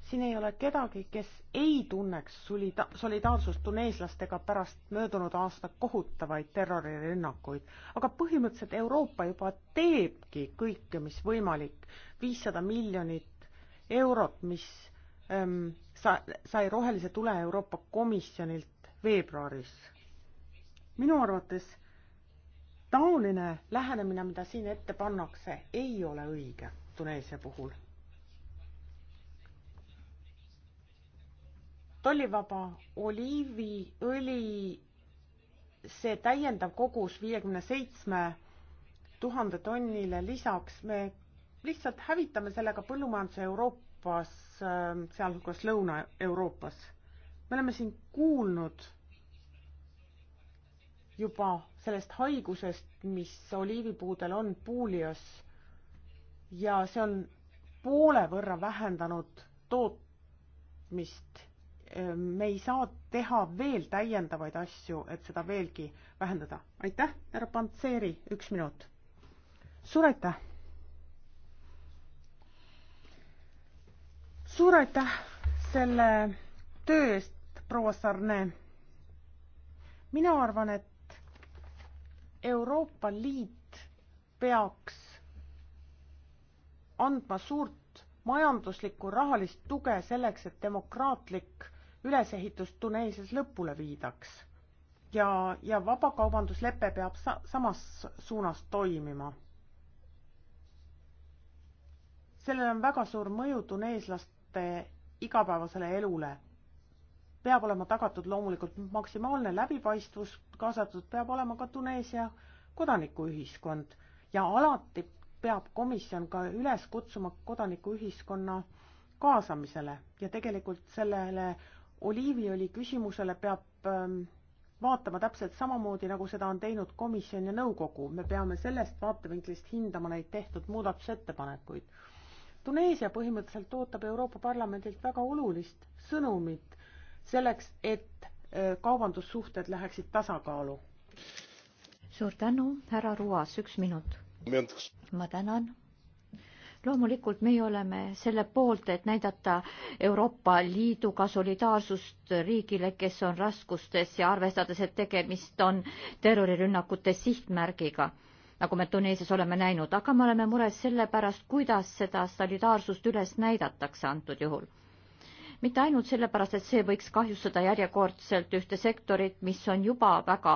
siin ei ole kedagi, kes ei tunneks solida-, solidaarsust tuneeslastega pärast möödunud aasta kohutavaid terrorirünnakuid, aga põhimõtteliselt Euroopa juba teebki kõike, mis võimalik. viissada miljonit eurot, mis ähm, sa-, sai rohelise tule Euroopa Komisjonilt veebruaris. minu arvates taoline lähenemine, mida siin ette pannakse, ei ole õige Tuneesia puhul. tollivaba oliiviõli, see täiendav kogus viiekümne seitsme tuhande tonnile lisaks, me lihtsalt hävitame sellega põllumajanduse Euroopa Euroopas, ähm, sealhulgas Lõuna-Euroopas. me oleme siin kuulnud juba sellest haigusest, mis oliivipuudel on, puulios, ja see on poole võrra vähendanud tootmist. Ähm, me ei saa teha veel täiendavaid asju, et seda veelgi vähendada. aitäh, härra Pantseeri, üks minut. suur aitäh! suur aitäh selle töö eest, proua Sarne. mina arvan, et Euroopa Liit peaks andma suurt majanduslikku rahalist tuge selleks, et demokraatlik ülesehitus Tuneesias lõpule viidaks. ja, ja vabakaubanduslepe peab sa-, samas suunas toimima. sellel on väga suur mõju tuneeslaste laste igapäevasele elule. peab olema tagatud loomulikult maksimaalne läbipaistvus, kaasatud peab olema ka Tuneesia kodanikuühiskond ja alati peab komisjon ka üles kutsuma kodanikuühiskonna kaasamisele ja tegelikult sellele oliiviõli küsimusele peab ähm, vaatama täpselt samamoodi, nagu seda on teinud komisjon ja nõukogu, me peame sellest vaatevinklist hindama neid tehtud muudatusettepanekuid Tuneesia põhimõtteliselt ootab Euroopa Parlamendilt väga olulist sõnumit selleks, et äh, kaubandussuhted läheksid tasakaalu. suur tänu, härra Ruas, üks minut. ma tänan loomulikult meie oleme selle poolt, et näidata Euroopa Liiduga solidaarsust riigile, kes on raskustes ja arvestades, et tegemist on terrorirünnakute sihtmärgiga nagu me Tuneesias oleme näinud, aga me oleme mures selle pärast, kuidas seda solidaarsust üles näidatakse antud juhul mitte ainult sellepärast, et see võiks kahjustada järjekordselt ühte sektorit, mis on juba väga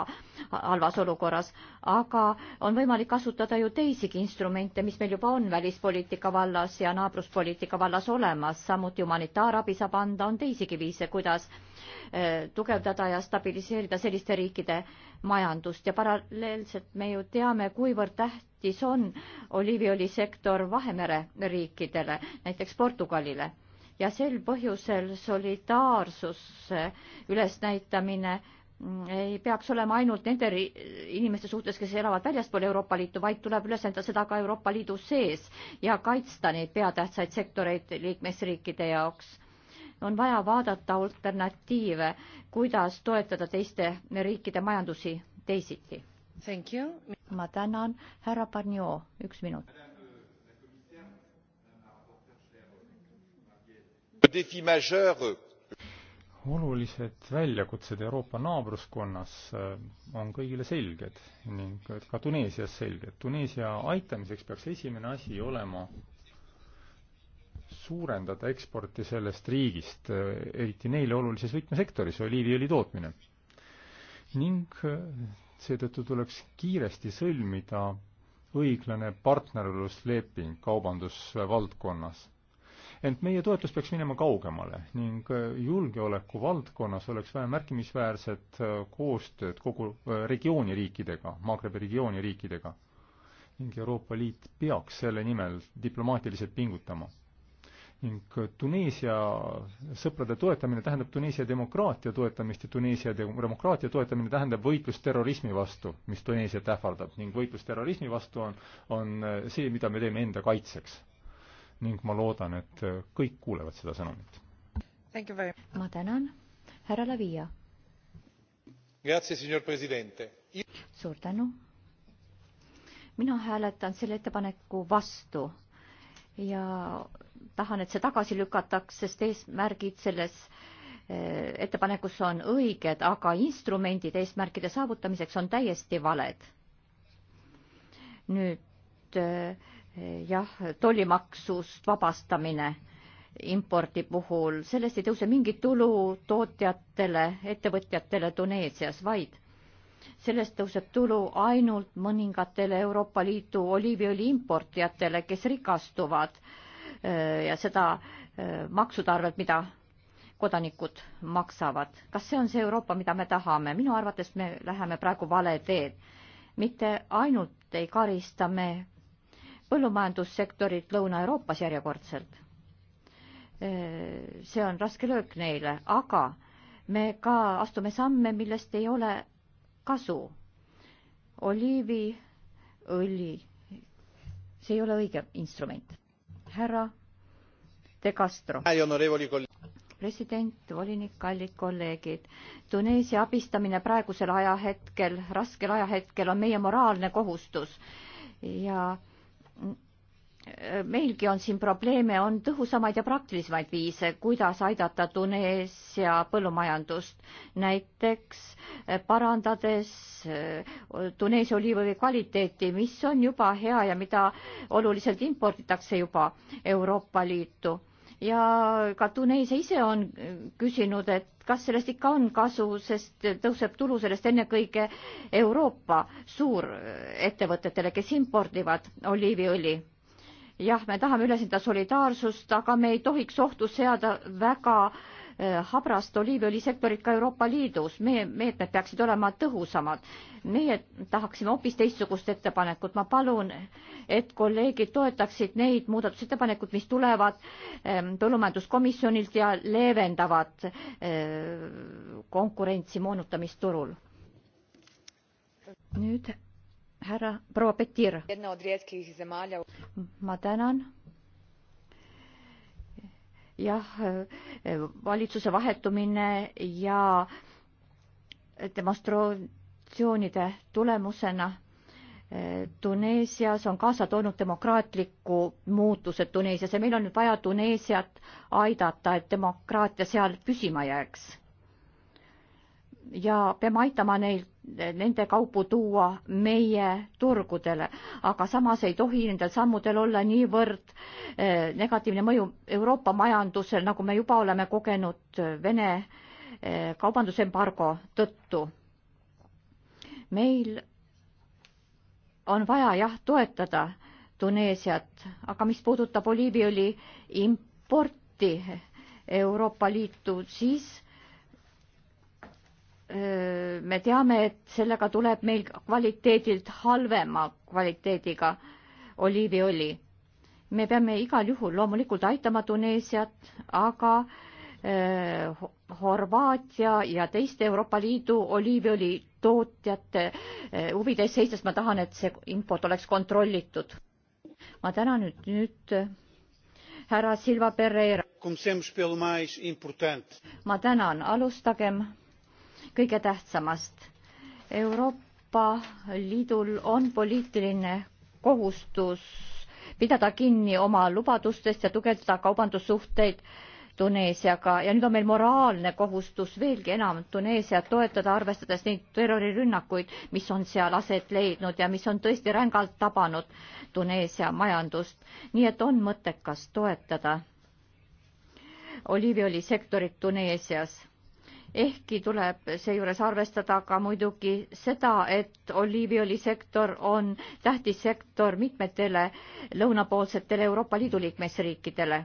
halvas olukorras, aga on võimalik kasutada ju teisigi instrumente, mis meil juba on välispoliitika vallas ja naabruspoliitika vallas olemas, samuti humanitaarabi saab anda, on teisigi viise, kuidas eh, tugevdada ja stabiliseerida selliste riikide majandust ja paralleelselt me ju teame, kuivõrd tähtis on oliiviõlisektor Vahemere riikidele, näiteks Portugalile ja sel põhjusel solidaarsuse ülesnäitamine mm, ei peaks olema ainult nende inimeste suhtes, kes elavad väljaspool Euroopa Liitu, vaid tuleb üles anda seda ka Euroopa Liidu sees ja kaitsta neid peatähtsaid sektoreid liikmesriikide jaoks. on vaja vaadata alternatiive, kuidas toetada teiste riikide majandusi teisiti. ma tänan, härra Barnio, üks minut olulised väljakutsed Euroopa naabruskonnas äh, on kõigile selged ning ka Tuneesias selged. Tuneesia aitamiseks peaks esimene asi olema suurendada eksporti sellest riigist, äh, eriti neile olulises võtmesektoris, oliiviõli tootmine. ning äh, seetõttu tuleks kiiresti sõlmida õiglane partnerlusleping kaubandusvaldkonnas ent meie toetus peaks minema kaugemale ning äh, julgeoleku valdkonnas oleks vaja märkimisväärset äh, koostööd kogu äh, regiooni riikidega, Maagrebi regiooni riikidega. ning Euroopa Liit peaks selle nimel diplomaatiliselt pingutama ning Tuneesia sõprade toetamine tähendab Tuneesia demokraatia toetamist ja Tuneesia demokraatia toetamine tähendab võitlust terrorismi vastu, mis Tuneesiat ähvardab ning võitlus terrorismi vastu on, on see, mida me teeme enda kaitseks ning ma loodan, et kõik kuulevad seda sõnumit. ma tänan, härra Lavia. suur tänu. mina hääletan selle ettepaneku vastu ja tahan, et see tagasi lükataks, sest eesmärgid selles eh, ettepanekus on õiged, aga instrumendid eesmärkide saavutamiseks on täiesti valed. nüüd eh, jah, tollimaksust vabastamine impordi puhul, sellest ei tõuse mingit tulu tootjatele, ettevõtjatele Tuneesias, vaid sellest tõuseb tulu ainult mõningatele Euroopa Liidu oliiviõli importijatele, kes rikastuvad äh, ja seda äh, maksude arvelt, mida kodanikud maksavad. kas see on see Euroopa, mida me tahame? minu arvates me läheme praegu vale teed. mitte ainult ei karista me põllumajandussektorit Lõuna-Euroopas järjekordselt. see on raske löök neile, aga me ka astume samme, millest ei ole kasu. oliiviõli, see ei ole õige instrument. härra De Castro. president, volinik, kallid kolleegid. Tuneesia abistamine praegusel ajahetkel, raskel ajahetkel on meie moraalne kohustus ja äh, meilgi on siin probleeme, on tõhusamaid ja praktilisemaid viise, kuidas aidata Tuneesia põllumajandust. näiteks parandades eh, Tuneesia oliivõi kvaliteeti, mis on juba hea ja mida oluliselt imporditakse juba Euroopa Liitu ja ka Tuneisia ise on küsinud, et kas sellest ikka on kasu, sest tõuseb tulu sellest ennekõike Euroopa suurettevõtetele, kes impordivad oliiviõli. jah, me tahame üles anda solidaarsust, aga me ei tohiks ohtu seada väga äh, Eh, habrast oliiviõlisektorit ka Euroopa Liidus. meie meetmed peaksid olema tõhusamad. meie tahaksime hoopis teistsugust ettepanekut. ma palun, et kolleegid toetaksid neid muudatusettepanekuid, mis tulevad ehm, põllumajanduskomisjonilt ja leevendavad eh, konkurentsi moonutamist turul. nüüd härra proua Petir. ma tänan jah, valitsuse vahetumine ja demonstratsioonide tulemusena eh, Tuneesias on kaasa toonud demokraatliku muutused Tuneesias ja meil on nüüd vaja Tuneesiat aidata, et demokraatia seal püsima jääks. ja peame aitama neil nende kaupu tuua meie turgudele, aga samas ei tohi nendel sammudel olla niivõrd eh, negatiivne mõju Euroopa majandusel, nagu me juba oleme kogenud eh, Vene eh, kaubandusembargo tõttu. meil on vaja jah, toetada Tuneesiat, aga mis puudutab oliiviõli importi Euroopa Liitu, siis me teame, et sellega tuleb meil kvaliteedilt halvema kvaliteediga oliiviõli. me peame igal juhul loomulikult aitama Tuneesiat, aga äh, Horvaatia ja teiste Euroopa Liidu oliiviõli tootjate äh, huvides seistes ma tahan, et see import oleks kontrollitud. ma tänan nüüd, nüüd härra Silva Pereira. ma tänan, alustagem kõige tähtsamast. Euroopa Liidul on poliitiline kohustus pidada kinni oma lubadustest ja tugevdada kaubandussuhteid Tuneesiaga ja nüüd on meil moraalne kohustus veelgi enam Tuneesiat toetada, arvestades neid terrorirünnakuid, mis on seal aset leidnud ja mis on tõesti rängalt tabanud Tuneesia majandust. nii et on mõttekas toetada oliiviõlisektorit Tuneesias ehkki tuleb seejuures arvestada ka muidugi seda, et oliiviõlisektor on tähtis sektor mitmetele lõunapoolsetele Euroopa Liidu liikmesriikidele.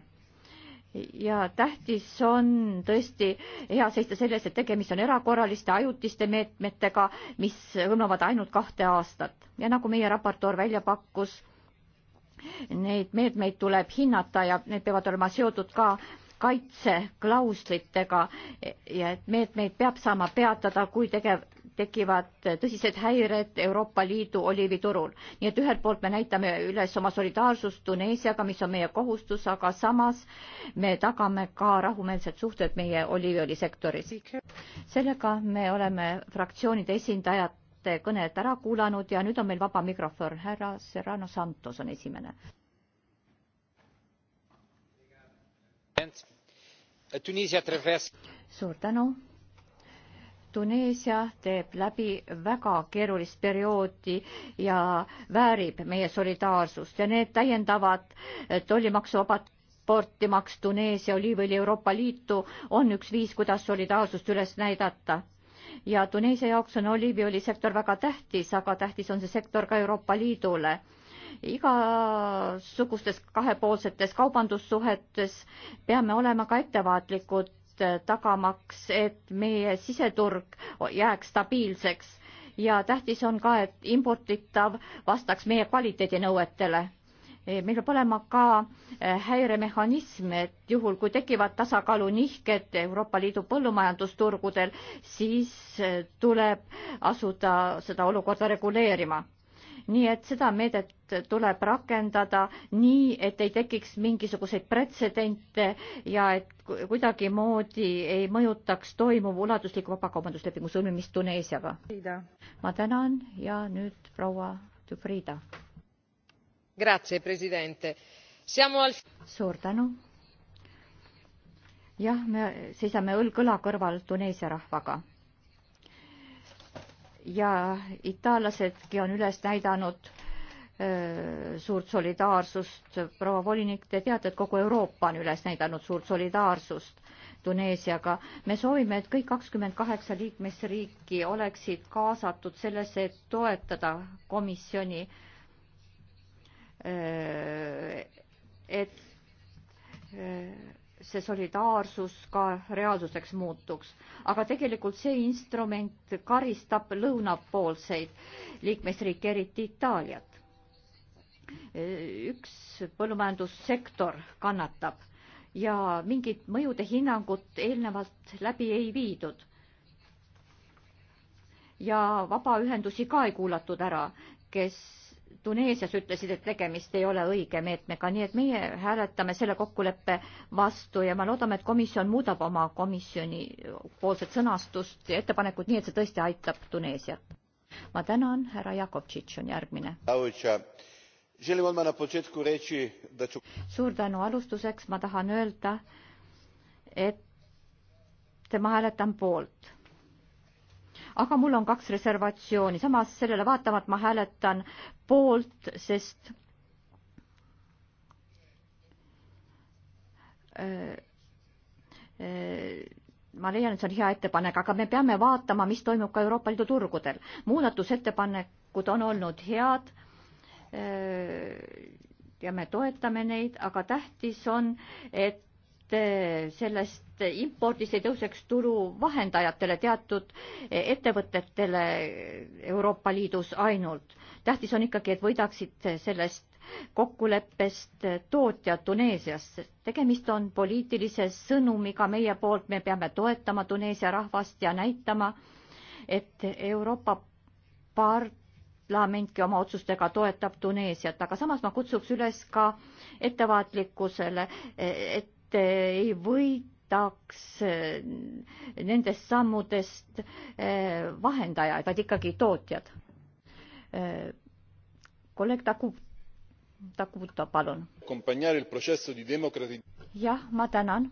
ja tähtis on tõesti hea seista selles, et tegemist on erakorraliste ajutiste meetmetega, mis hõlmavad ainult kahte aastat ja nagu meie raportöör välja pakkus, neid meetmeid tuleb hinnata ja need peavad olema seotud ka kaitseklauslitega ja et meetmeid peab saama peatada, kui tegev, tekivad tõsised häired Euroopa Liidu oliiviturul. nii et ühelt poolt me näitame üles oma solidaarsust Tuneesiaga, mis on meie kohustus, aga samas me tagame ka rahumeelsed suhted meie oliiviõlisektoris. sellega me oleme fraktsioonide esindajate kõned ära kuulanud ja nüüd on meil vaba mikrofon. härra Serrano Santos on esimene Euh, suur tänu. Tuneesia teeb läbi väga keerulist perioodi ja väärib meie solidaarsust ja need täiendavad äh, tollimaksuvabad importimaks Tuneesia oliivõli Euroopa Liitu on üks viis, kuidas solidaarsust üles näidata ja Tuneesia jaoks on oliiviõlisektor väga tähtis, aga tähtis on see sektor ka Euroopa Liidule igasugustes kahepoolsetes kaubandussuhetes peame olema ka ettevaatlikud, tagamaks, et meie siseturg jääks stabiilseks ja tähtis on ka, et imporditav vastaks meie kvaliteedinõuetele. meil peab olema ka eh, häiremehhanism, et juhul, kui tekivad tasakaalunihked Euroopa Liidu põllumajandusturgudel, siis eh, tuleb asuda seda olukorda reguleerima nii et seda meedet tuleb rakendada nii, et ei tekiks mingisuguseid pretsedente ja et kuidagimoodi ei mõjutaks toimuv ulatusliku vabakaubanduslepingu sõlmimist Tuneesiaga. ma tänan ja nüüd proua Tüfrida. suur tänu. jah, me seisame õlg õla kõrval Tuneesia rahvaga ja itaallasedki on üles näidanud öö, suurt solidaarsust. proua volinik, te teate, et kogu Euroopa on üles näidanud suurt solidaarsust Tuneesiaga. me soovime, et kõik kakskümmend kaheksa liikmesriiki oleksid kaasatud sellesse, et toetada komisjoni, et öö, see solidaarsus ka reaalsuseks muutuks. aga tegelikult see instrument karistab lõunapoolseid liikmesriike, eriti Itaaliat. üks põllumajandussektor kannatab ja mingit mõjude hinnangut eelnevalt läbi ei viidud. ja vabaühendusi ka ei kuulatud ära, kes Tuneesias ütlesid, et tegemist ei ole õige meetmega, nii et meie hääletame selle kokkuleppe vastu ja me loodame, et komisjon muudab oma komisjoni poolset sõnastust ja ettepanekut nii, et see tõesti aitab Tuneesiat. ma tänan, härra Jakovtšitš on järgmine. suur tänu, alustuseks ma tahan öelda, et ma hääletan poolt aga mul on kaks reservatsiooni, samas sellele vaatamata ma hääletan poolt, sest äh, äh, ma leian, et see on hea ettepanek, aga me peame vaatama, mis toimub ka Euroopa Liidu turgudel. muudatusettepanekud on olnud head äh, ja me toetame neid, aga tähtis on, et Eh, sellest impordist ei tõuseks tulu vahendajatele, teatud eh, ettevõtetele Euroopa Liidus ainult. tähtis on ikkagi, et võidaksid sellest kokkuleppest tootjad Tuneesias. tegemist on poliitilise sõnumiga meie poolt, me peame toetama Tuneesia rahvast ja näitama, et Euroopa parlamentki oma otsustega toetab Tuneesiat, aga samas ma kutsuks üles ka ettevaatlikkusele, et ei võidaks eh, nendest sammudest eh, vahendajaid, vaid ikkagi tootjad. Eh, kolleeg Taku, Takuta, palun. jah, ma tänan.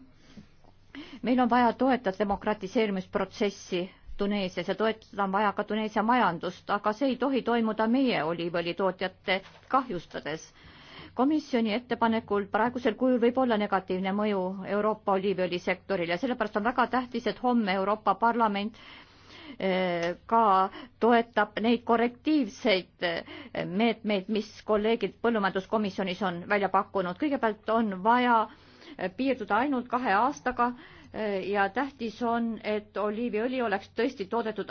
meil on vaja toetada demokratiseerimisprotsessi Tuneesias ja toetada on vaja ka Tuneesia majandust, aga see ei tohi toimuda meie oliivõlitootjate kahjustades komisjoni ettepanekul praegusel kujul võib olla negatiivne mõju Euroopa oliiviõlisektorile, sellepärast on väga tähtis, et homme Euroopa Parlament eh, ka toetab neid korrektiivseid eh, meetmeid, mis kolleegid põllumajanduskomisjonis on välja pakkunud. kõigepealt on vaja eh, piirduda ainult kahe aastaga ja tähtis on, et oliiviõli oleks tõesti toodetud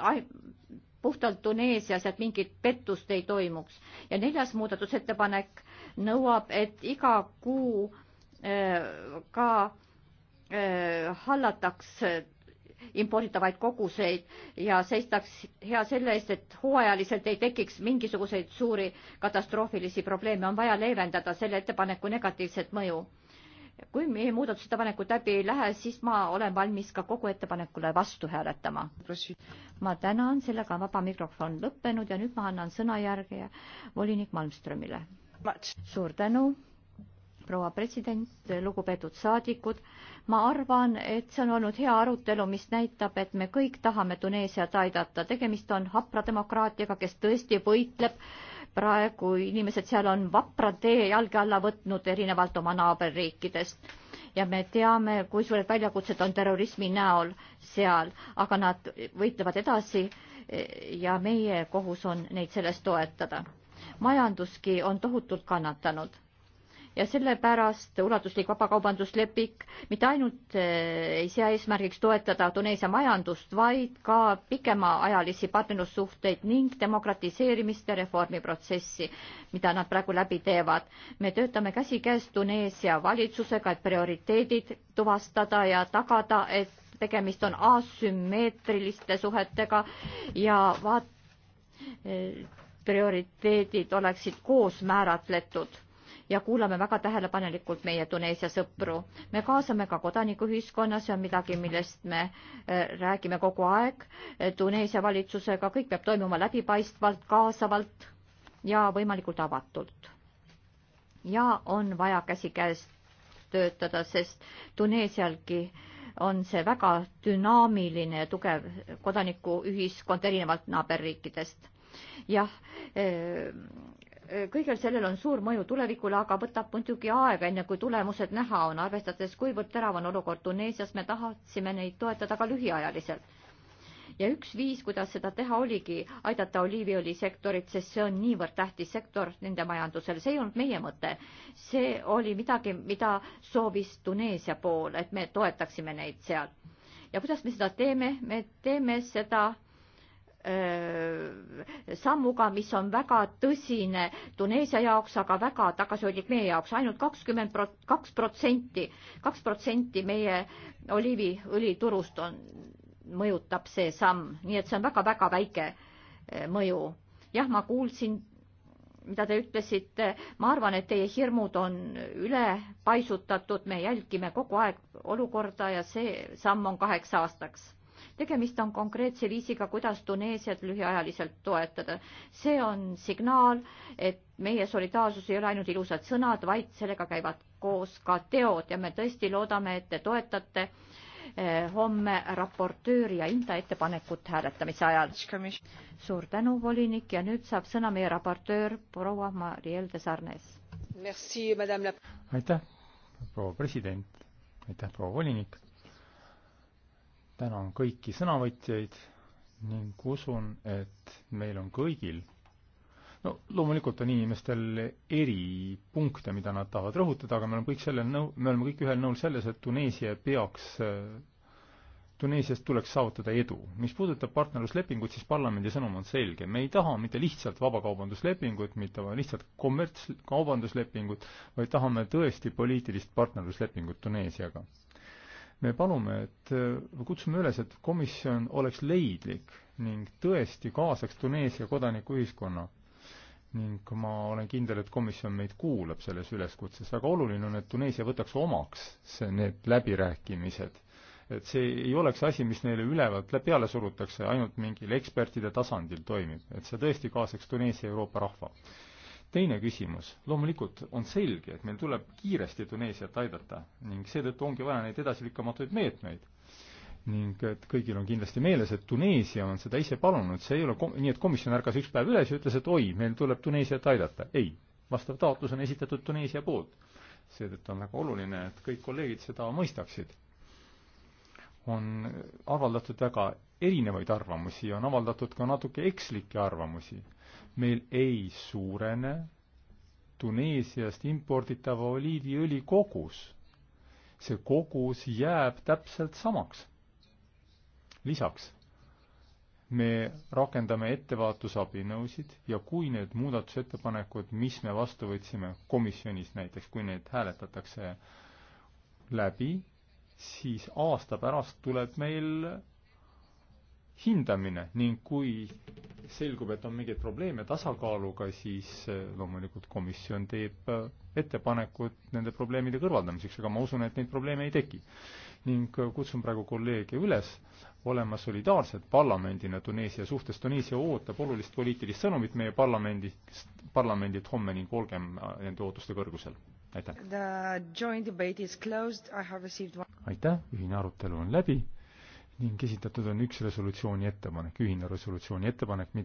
puhtalt Tuneesias, et mingit pettust ei toimuks. ja neljas muudatusettepanek nõuab, et iga kuu äh, ka äh, hallataks äh, imporditavaid koguseid ja seistaks hea selle eest, et hooajaliselt ei tekiks mingisuguseid suuri katastroofilisi probleeme, on vaja leevendada selle ettepaneku negatiivset mõju kui meie muudatusettepanekud läbi ei lähe, siis ma olen valmis ka kogu ettepanekule vastu hääletama. ma tänan, sellega on vaba mikrofon lõppenud ja nüüd ma annan sõna järgi volinik Malmströmile. suur tänu, proua president, lugupeetud saadikud. ma arvan, et see on olnud hea arutelu, mis näitab, et me kõik tahame Tuneesiat aidata. tegemist on hapra demokraatiaga, kes tõesti võitleb praegu inimesed seal on vapra tee jalge alla võtnud erinevalt oma naaberriikidest ja me teame, kui suured väljakutsed on terrorismi näol seal, aga nad võitlevad edasi e, ja meie kohus on neid selles toetada. majanduski on tohutult kannatanud ja sellepärast ulatuslik vabakaubanduslepik mitte ainult eh, ei sea eesmärgiks toetada Tuneesia majandust, vaid ka pikemaajalisi partnerlussuhteid ning demokratiseerimist ja reformiprotsessi, mida nad praegu läbi teevad. me töötame käsikäes Tuneesia valitsusega, et prioriteedid tuvastada ja tagada, et tegemist on asümmeetriliste suhetega ja vaat-, eh, prioriteedid oleksid koos määratletud ja kuulame väga tähelepanelikult meie Tuneesia sõpru. me kaasame ka kodanikuühiskonna, see on midagi, millest me eh, räägime kogu aeg eh, Tuneesia valitsusega, kõik peab toimuma läbipaistvalt, kaasavalt ja võimalikult avatult. ja on vaja käsikäes töötada, sest Tuneesialgi on see väga dünaamiline ja tugev kodanikuühiskond erinevalt naaberriikidest. jah, eh, Äh, kõigel sellel on suur mõju tulevikule, aga võtab muidugi aega, enne kui tulemused näha on, arvestades, kuivõrd terav on olukord Tuneesias, me tahaksime neid toetada ka lühiajaliselt. ja üks viis, kuidas seda teha, oligi aidata oliiviõlisektorit, sest see on niivõrd tähtis sektor nende majandusel, see ei olnud meie mõte. see oli midagi, mida soovis Tuneesia pool, et me toetaksime neid seal. ja kuidas me seda teeme, me teeme seda sammuga, mis on väga tõsine Tuneesia jaoks, aga väga tagasihoidlik meie jaoks ainult, ainult kakskümmend prot-, kaks protsenti, kaks protsenti meie oliiviõliturust on, mõjutab see samm, nii et see on väga-väga väike mõju. jah, ma kuulsin, mida te ütlesite, ma arvan, et teie hirmud on ülepaisutatud, me jälgime kogu aeg olukorda ja see samm on kaheks aastaks tegemist on konkreetse viisiga, kuidas Tuneesiat lühiajaliselt toetada. see on signaal, et meie solidaarsus ei ole ainult ilusad sõnad, vaid sellega käivad koos ka teod ja me tõesti loodame, et te toetate eh, homme raportööri ja enda ettepanekut hääletamise ajal. suur tänu, volinik, ja nüüd saab sõna meie raportöör proua Marielle de Sarnes. aitäh, proua president, aitäh, proua volinik tänan kõiki sõnavõtjaid ning usun, et meil on kõigil, no loomulikult on inimestel eripunkte, mida nad tahavad rõhutada, aga me oleme kõik sellel nõu-, me oleme kõik ühel nõul selles, et Tuneesia peaks, Tuneesias tuleks saavutada edu. mis puudutab partnerluslepingut, siis parlamendi sõnum on selge, me ei taha mitte lihtsalt vabakaubanduslepingut, mitte lihtsalt kommertskaubanduslepingut, vaid tahame tõesti poliitilist partnerluslepingut Tuneesiaga me palume, et, äh, me kutsume üles, et komisjon oleks leidlik ning tõesti kaasaks Tuneesia kodanikuühiskonna. ning ma olen kindel, et komisjon meid kuulab selles üleskutses, väga oluline on, et Tuneesia võtaks omaks see, need läbirääkimised. et see ei oleks asi, mis neile ülevalt peale surutakse, ainult mingil ekspertide tasandil toimib, et see tõesti kaasaks Tuneesia Euroopa rahva teine küsimus, loomulikult on selge, et meil tuleb kiiresti Tuneesiat aidata ning seetõttu ongi vaja neid edasilükkamatuid meetmeid. ning et kõigil on kindlasti meeles, et Tuneesia on seda ise palunud, see ei ole kom-, nii et komisjon ärkas üks päev üles ja ütles, et oi, meil tuleb Tuneesiat aidata. ei, vastav taotlus on esitatud Tuneesia poolt. seetõttu on väga oluline, et kõik kolleegid seda mõistaksid. on avaldatud väga erinevaid arvamusi ja on avaldatud ka natuke ekslikke arvamusi meil ei suurene Tuneesiast imporditava oliiviõli kogus. see kogus jääb täpselt samaks. lisaks me rakendame ettevaatusabinõusid ja kui need muudatusettepanekud, mis me vastu võtsime komisjonis näiteks, kui need hääletatakse läbi, siis aasta pärast tuleb meil hindamine ning kui selgub, et on mingeid probleeme tasakaaluga, siis eh, loomulikult komisjon teeb eh, ettepanekud nende probleemide kõrvaldamiseks, aga ma usun, et neid probleeme ei teki. ning eh, kutsun praegu kolleege üles olema solidaarsed parlamendina Tuneesia suhtes. Tuneesia ootab olulist poliitilist sõnumit meie parlamendist, parlamendilt homme ning olgem nende ootuste kõrgusel. aitäh! aitäh, ühine arutelu on läbi ning esitatud on üks resolutsiooni ettepanek, ühine resolutsiooni ettepanek,